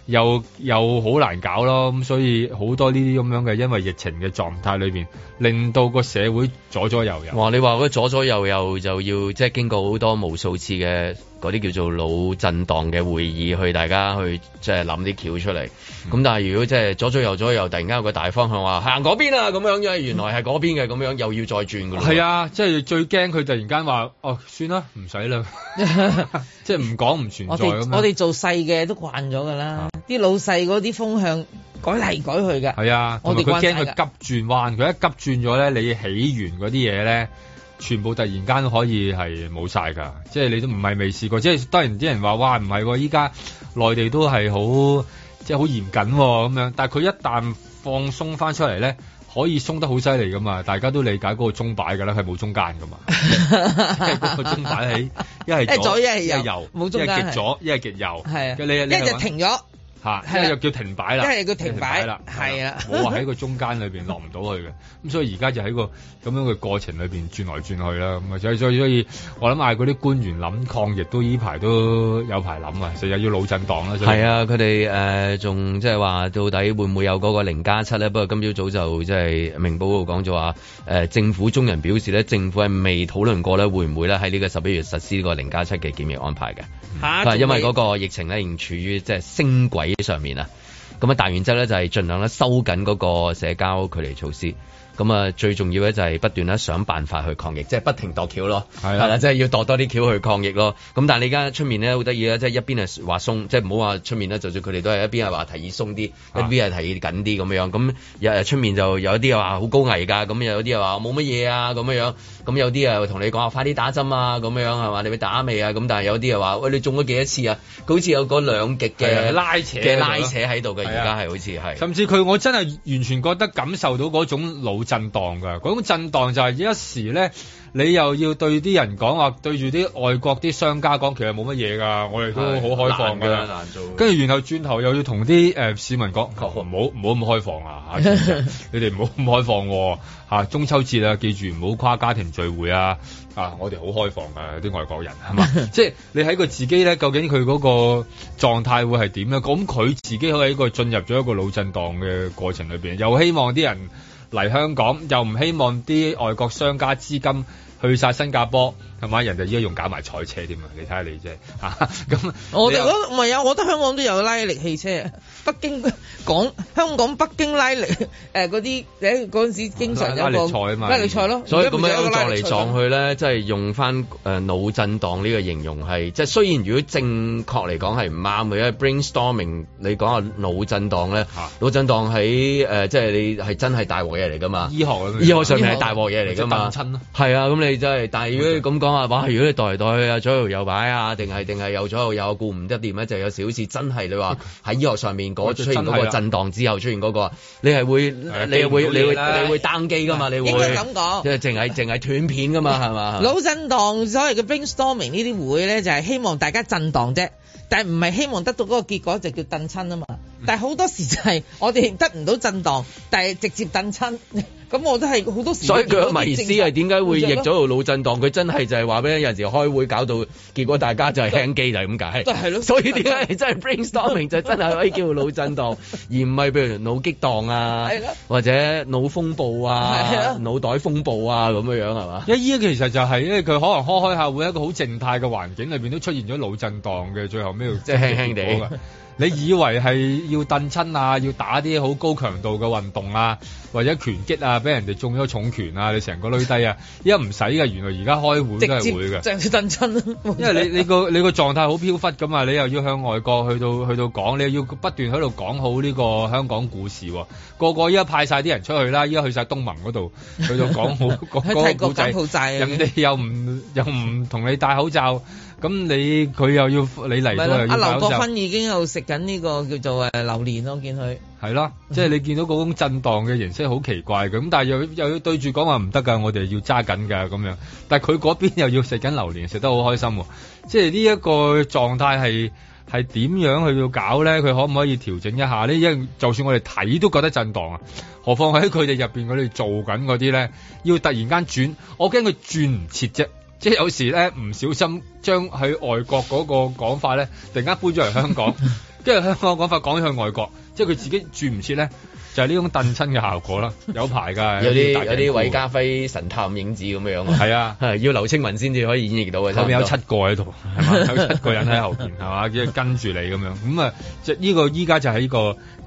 又又好難搞咯。咁所以好多呢啲咁樣嘅，因為疫情嘅狀態裏面，令到個社會左左右右。哇！你話嗰左左右右就要即係經過好多無數次嘅。嗰啲叫做腦震盪嘅會議，去大家去即係諗啲橋出嚟。咁、嗯、但係如果即係左左右左右，突然間有個大方向話行嗰邊啊，咁樣因為原來係嗰邊嘅，咁樣又要再轉㗎啦。係啊，即係最驚佢突然間話哦，算啦，唔使啦， 即係唔講唔存在咁。我哋我哋做細嘅都慣咗㗎啦，啲、啊、老細嗰啲風向改嚟改去㗎。係啊，我哋佢驚佢急轉彎，佢一急轉咗咧，你起完嗰啲嘢咧。全部突然間可以係冇晒㗎，即係你都唔係未試過，即係當然啲人話哇唔係喎，依家內地都係好即係好嚴謹喎。咁樣，但佢一旦放鬆翻出嚟咧，可以鬆得好犀利噶嘛，大家都理解嗰個鐘擺㗎啦，係冇中間㗎嘛， 即係個鐘擺起一係左一係右冇中間，一係極左一係極右，係跟住停咗。啊啊、又叫停擺啦，因為個停擺啦，係啦、啊，我喺、啊、個中間裏邊落唔到去嘅，咁 所以而家就喺個咁樣嘅過程裏邊轉來轉去啦。咁啊，所以所以所以，所以我諗嗌嗰啲官員諗抗疫都呢排都有排諗啊，又要腦震盪啦。係、呃、啊，佢哋誒仲即係話到底會唔會有嗰個零加七咧？不過今朝早就即係明報度講咗話，誒、呃、政府中人表示咧，政府係未討論過咧會唔會咧喺呢個十一月實施呢個零加七嘅檢疫安排嘅。嚇、啊，但因為嗰個疫情咧仍處於即係升軌。喺上面啊，咁啊大原則咧就係盡量咧收緊嗰個社交距離措施。咁啊，最重要咧就係不斷咧想辦法去抗疫，即係不停度橋咯，係啦，即係要度多啲橋去抗疫咯。咁但係你而家出面咧好得意啊，即係一邊係話鬆，即係唔好話出面咧，就算佢哋都係一邊係話提議鬆啲、啊，一邊係提議緊啲咁樣。咁有出面就有一啲話好高危㗎，咁有啲又話冇乜嘢啊咁樣。咁有啲啊同你講快啲打針啊咁樣係嘛？你俾打未啊？咁但係有啲又話喂，你中咗幾多次啊？佢好似有個兩極嘅拉扯嘅拉扯喺度嘅，而家係好似係。甚至佢我真係完全覺得感受到嗰種老。震盪噶，嗰種震盪就係一時咧，你又要對啲人講話，對住啲外國啲商家講，其實冇乜嘢噶，我哋都好開放噶，難做。跟住然後轉頭又要同啲誒市民講，唔好唔好咁開放啊，吓 你哋唔好咁開放、啊，吓、啊、中秋節啊，記住唔好跨家庭聚會啊，啊，我哋好開放啊，啲外國人係嘛，即係 你喺佢自己咧，究竟佢嗰個狀態會係點咧？咁佢自己喺一個進入咗一個腦震盪嘅過程裏邊，又希望啲人。嚟香港又唔希望啲外國商家資金，去晒新加坡係嘛？人哋依家用搞埋賽車添啊！你睇下你啫嚇咁。我哋嗰唔係啊！我覺得香港都有拉力汽車，北京港、香港、北京拉力誒嗰啲誒嗰陣時經常有拉力賽啊嘛，嘛，拉力賽咯。所以咁樣撞嚟撞去咧，即、就、係、是、用翻誒、呃、腦震盪呢個形容係即係雖然如果正確嚟講係唔啱嘅，因為 brainstorming 你講下腦震盪咧、啊，腦震盪喺誒即係你係真係大鑊嘢嚟㗎嘛？醫學、啊、醫學上面係大鑊嘢嚟㗎嘛？親，係啊，咁你。真係，但係如果你咁講啊，哇！如果你代嚟代去啊，左搖右擺啊，定係定係又左又右，顧唔得掂咧，就係、有少少似真係你話喺醫學上面嗰出嗰個震盪之後出現嗰、嗰個，你係會你，你會你會你會 down 機噶嘛？你會，你會應該咁講，即係淨係淨係斷片噶嘛？係嘛？腦震盪所謂嘅 brainstorming 呢啲會咧，就係、係、希望大家震盪啫，但係唔係希望得到嗰個結果就叫震親啊嘛。但係好多時就係我哋得唔到震盪，但係直接震親。咁我都係好多時，所以佢嘅迷思係點解會譯咗個腦震盪？佢真係就係話俾你，有陣時開會搞到，結果大家就係輕機就係咁解。就係咯，所以點解真係 brainstorming 就真係可以叫腦震盪， 而唔係譬如腦激盪啊，或者腦風暴啊、腦袋風暴啊咁樣係嘛？一依家其實就係、是、因為佢可能開開下會，一個好靜態嘅環境裏面都出現咗腦震盪嘅，最後尾即係輕輕地。 你以為係要蹬親啊，要打啲好高強度嘅運動啊，或者拳擊啊，俾人哋中咗重拳啊，你成個女低啊？依家唔使㗎。原來而家開會都係會嘅，即係蹬親。因為你 你個你個狀態好飄忽㗎嘛，你又要向外國去到去到講，你又要不斷喺度講好呢個香港故事喎。個個依家派晒啲人出去啦，依家去晒東盟嗰度去到講好講講古仔，人哋又唔又唔同你戴口罩。咁你佢又要你嚟，阿劉國芬已經又食緊呢個叫做誒榴蓮咯，見佢係咯，即係、就是、你見到嗰種震盪嘅形式好奇怪嘅，咁 但係又又要對住講話唔得噶，我哋要揸緊噶咁樣，但係佢嗰邊又要食緊榴蓮，食得好開心，即係呢一個狀態係係點樣去要搞咧？佢可唔可以調整一下呢？因為就算我哋睇都覺得震盪啊，何況喺佢哋入邊佢哋做緊嗰啲咧，要突然間轉，我驚佢轉唔切啫。即係有時咧，唔小心將喺外國嗰個講法咧，突然間搬咗嚟香港，跟 住香港講法講咗去外國。即係佢自己轉唔切咧，就係、是、呢種鄧親嘅效果啦。有排㗎， 有啲有啲韋家輝神探影子咁樣樣。係啊，係、啊、 要劉青雲先至可以演繹到嘅。後面有七個喺度，係嘛？ 有七個人喺後面，係嘛？即跟住你咁樣。咁、嗯、啊，即係呢個依家就喺呢個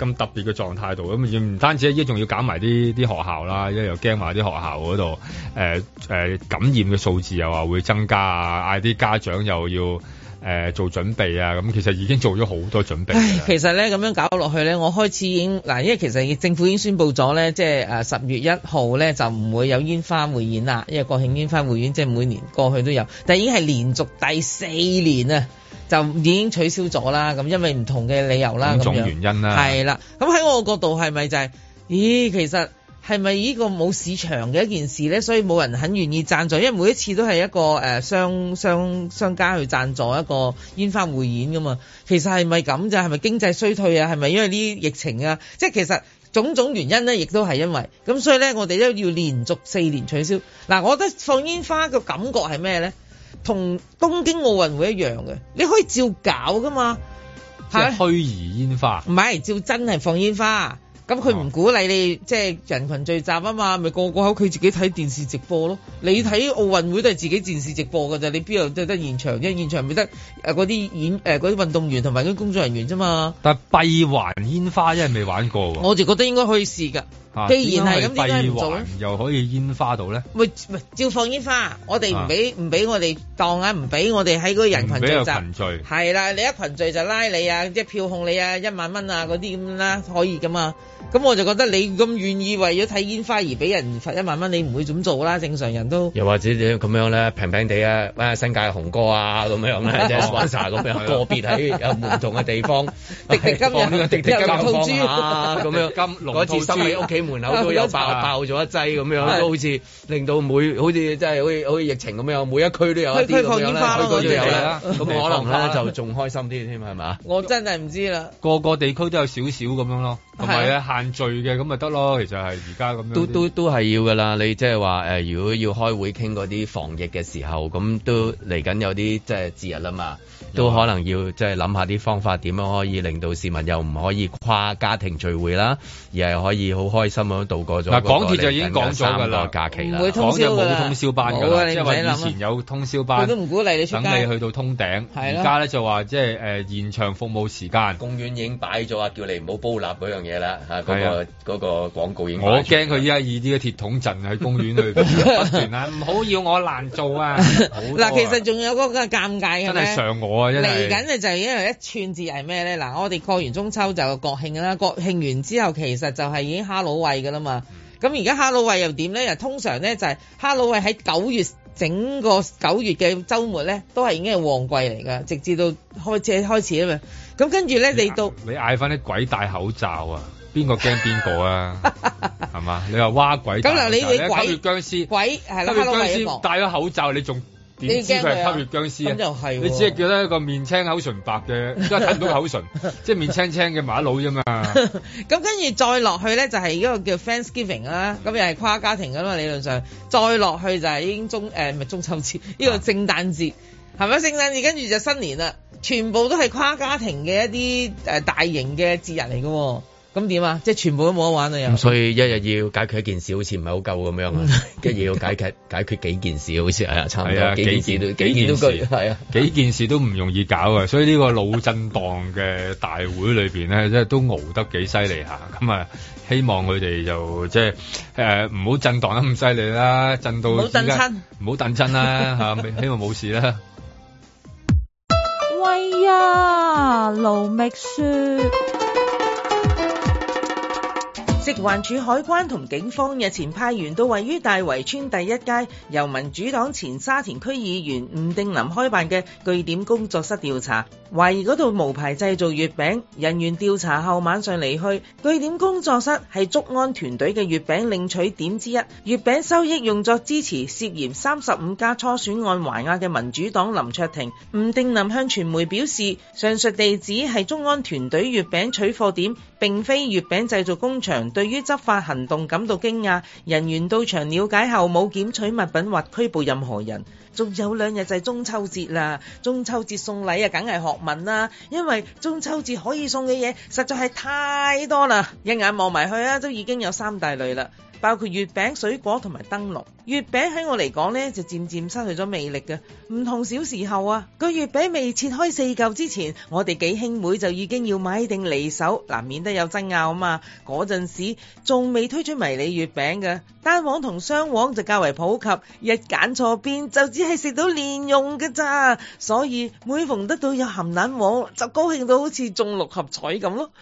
咁特別嘅狀態度。咁唔單止還一，一仲要揀埋啲啲學校啦，因為又一又驚話啲學校嗰度、呃呃、感染嘅數字又話會增加啊，嗌啲家長又要。誒做準備啊！咁其實已經做咗好多準備。其實呢，咁樣搞落去呢，我開始已經嗱，因為其實政府已經宣布咗呢，即係十月一號呢，就唔會有煙花匯演啦。因為國慶煙花匯演即係每年過去都有，但已經係連續第四年啊，就已經取消咗啦。咁因為唔同嘅理由啦，種種原因啦，係啦。咁喺我個角度係咪就係？咦，其實。係咪呢個冇市場嘅一件事呢？所以冇人肯願意贊助，因為每一次都係一個誒商商商家去贊助一個煙花匯演噶嘛。其實係咪咁啫？係咪經濟衰退啊？係咪因為呢疫情啊？即係其實種種原因呢，亦都係因為咁，那所以呢我哋都要連續四年取消。嗱、啊，我覺得放煙花嘅感覺係咩呢？同東京奧運會一樣嘅，你可以照搞噶嘛，即係虛擬煙花，唔係照真係放煙花。咁佢唔鼓勵你，啊、即係人群聚集啊嘛，咪個個喺屋企自己睇電視直播咯。你睇奧運會都係自己電視直播噶咋，你邊度得得現場？因為現場咪得誒嗰啲演誒嗰啲運動員同埋嗰啲工作人員咋嘛。但係閉環煙花真係未玩過喎、啊，我就覺得應該可以試噶、啊。既然係咁，閉環又可以煙花度咧？喂照放煙花，我哋唔俾唔俾我哋當啊，唔俾我哋喺嗰個人群聚集。係啦，你一群聚就拉你啊，即係票控你啊，一萬蚊啊嗰啲咁啦，可以噶嘛？咁我就覺得你咁願意為咗睇煙花而俾人罰一萬蚊，你唔會咁做啦。正常人都又或者咁樣咧，平平地啊，揾下新界紅哥啊咁樣咧， 即係玩曬咁樣。 個別喺有唔同嘅地方， 是 這個、 滴滴金啊，滴 滴金套住咁樣金龍套住珠，屋 企門口都有爆 爆咗一劑咁樣， 都好似令到每好似即係好似好似疫情咁樣，每一區都有一啲咁樣 花哥哥有 啦。咁可能咧 就仲開心啲添，係咪？我真係唔知啦。個，個個地區都有少少咁樣咯。同埋咧限聚嘅，咁咪得咯。其實係而家咁樣都都都係要噶啦。你即係話誒，如果要開會傾嗰啲防疫嘅時候，咁都嚟緊有啲即係節日吖嘛。嗯、都可能要即係諗下啲方法，點樣可以令到市民又唔可以跨家庭聚會啦，而係可以好開心咁度過咗。嗱，港鐵就已經講咗噶啦，假期啦，港就冇通宵班噶因，啊、即以前有通宵班，我都唔鼓勵你去到通頂，而家咧就話即係誒延長服務時間。公園已經擺咗啊，叫你唔好煲蠟嗰樣嘢啦。嗰，那個嗰，那個廣告已經我驚佢依家以 D 嘅鐵桶陣喺 公園裏邊，唔 好要，要我難做啊！嗱、 啊，其實仲有嗰個尷尬嘅咩？上我。嚟緊嘅就因為，就因為有一串字係咩咧？嗱，我哋過完中秋就國慶啦，國慶完之後其實就係已經哈囉喂㗎啦嘛。咁而家哈囉喂又點咧？又通常咧就係哈囉喂喺九月整個九月嘅週末咧，都係已經係旺季嚟噶，直至到開車開始啊嘛。咁跟住咧，你到你嗌返啲鬼戴口罩啊？邊個驚邊個啊？係 嘛？你話挖鬼咁嗱， 你你鬼，鬼係啦，殭屍戴咗口罩，你仲？點知佢係吸血殭屍啊，啊？你只係記得一個面青口唇白嘅，而家睇唔到口唇， 即係面青青嘅馬佬啫嘛。咁跟住再落去咧，就係一個叫 Friendsgiving 啦。咁又係跨家庭噶嘛？理論上，再落去就係已經中誒，咪、呃、中秋節呢、這個聖誕節，係咪聖誕節？跟住就新年啦，全部都係跨家庭嘅一啲誒大型嘅節日嚟喎。咁點啊？即係全部都冇得玩啦！咁所以一日要解決一件事，好似唔係好夠咁樣啊！跟 住要解決 解決幾件事，好似係差唔多、啊、幾件事都幾件事，係啊，幾件事都唔容易搞啊！ 所以呢個腦震盪嘅大會裏面咧，即係都熬得幾犀利嚇！咁、嗯、啊，希望佢哋就即係誒唔好震盪得咁犀利啦，震到好震親，唔好震親啦嚇！希望冇事啦。 喂啊，盧覓雪。食環署海關同警方日前派員到位於大圍村第一街，由民主黨前沙田區議員吳定林開辦嘅據點工作室調查，懷疑嗰度無牌製造月餅。人員調查後晚上離去。據點工作室係捉安團隊嘅月餅領取點之一，月餅收益用作支持涉嫌三十五加初選案還押嘅民主黨林卓廷。吳定林向傳媒表示，上述地址係捉安團隊月餅取貨點，並非月餅製造工場。對於執法行動感到驚訝，人員到場了解後冇檢取物品或拘捕任何人。仲有兩日就係中秋節啦，中秋節送禮啊，梗係學問啦，因為中秋節可以送嘅嘢實在係太多啦，一眼望埋去啊，都已經有三大類啦。包括月餅、水果同埋燈籠。月餅喺我嚟講呢，就漸漸失去咗魅力嘅。唔同小時候啊，個月餅未切開四嚿之前，我哋幾兄妹就已經要買定離手，難免得有爭拗啊嘛。嗰陣時仲未推出迷你月餅嘅，單黃同雙黃就較為普及。一揀錯邊就只係食到蓮蓉㗎咋，所以每逢得到有鹹蛋黃，就高興到好似中六合彩咁咯。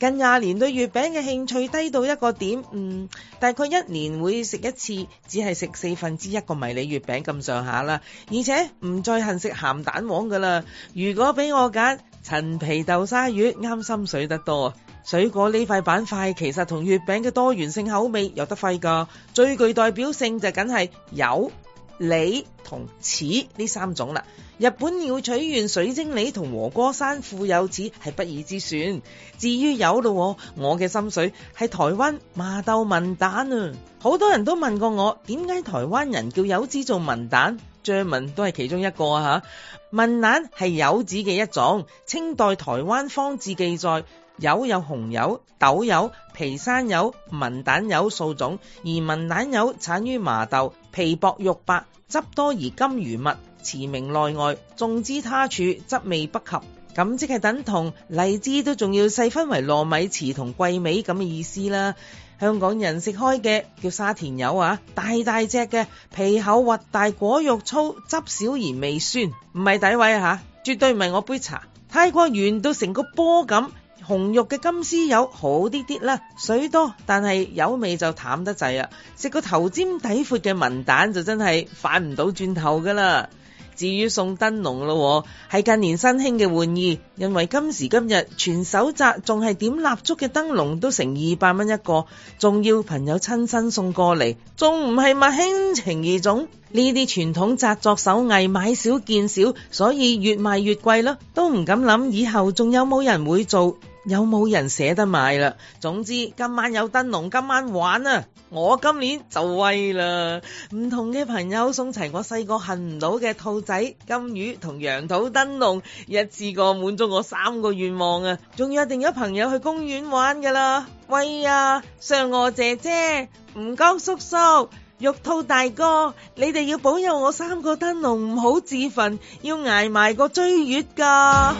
近廿年對月餅嘅興趣低到一個點，嗯，大概一年會食一次，只係食四分之一個迷你月餅咁上下啦，而且唔再恨食鹹蛋黃㗎啦。如果俾我揀，陳皮豆沙月啱心水得多。水果呢塊板塊其實同月餅嘅多元性口味有得揮㗎。最具代表性就梗係柚。梨同柿呢三種啦，日本要取原水晶梨同和，和歌山富有柿係不二之選。至於柚咯，我嘅心水係台灣麻豆文旦啊！好多人都問過我點解台灣人叫柚子做文旦，張文都係其中一個啊嚇。文旦係柚子嘅一種，清代台灣方志記載。有柚紅柚、豆柚、皮山柚、文旦柚數種，而文旦柚產於麻豆，皮薄肉，肉白，汁多而甘如蜜，馳名內外。種之他處，汁味不及。咁即係等同荔枝都仲要細分為糯米糍同桂味咁嘅意思啦。香港人食開嘅叫沙田柚啊，大大隻嘅皮厚核大，果肉粗，汁少而味酸，唔係詆毀啊，絕對唔係我杯茶。泰國圓到成個波咁。紅肉嘅金絲柚好啲啲啦，水多，但係油味就淡得滯啊！食個頭尖底闊嘅文蛋就真係反唔到轉頭噶啦。至於送燈籠咯，係近年新興嘅玩意，因為今時今日全手紮仲係點蠟燭嘅燈籠都成二百蚊一個，仲要朋友親身送過嚟，仲唔係嘛輕情意重？呢啲傳統紮作手藝買少見少，所以越賣越貴囉。都唔敢諗以後仲有冇人會做。有冇人捨得買啦？總之今晚有燈籠，今晚玩啊！我今年就威啦！唔同嘅朋友送齊我細個恨唔到嘅兔仔、金魚同楊桃燈籠，一次過滿足我三個願望啊！仲約定咗朋友去公園玩噶啦！喂啊！嫦娥姐姐，吳剛叔叔，玉兔大哥，你哋要保佑我三個燈籠唔好自焚，要挨埋個追月噶！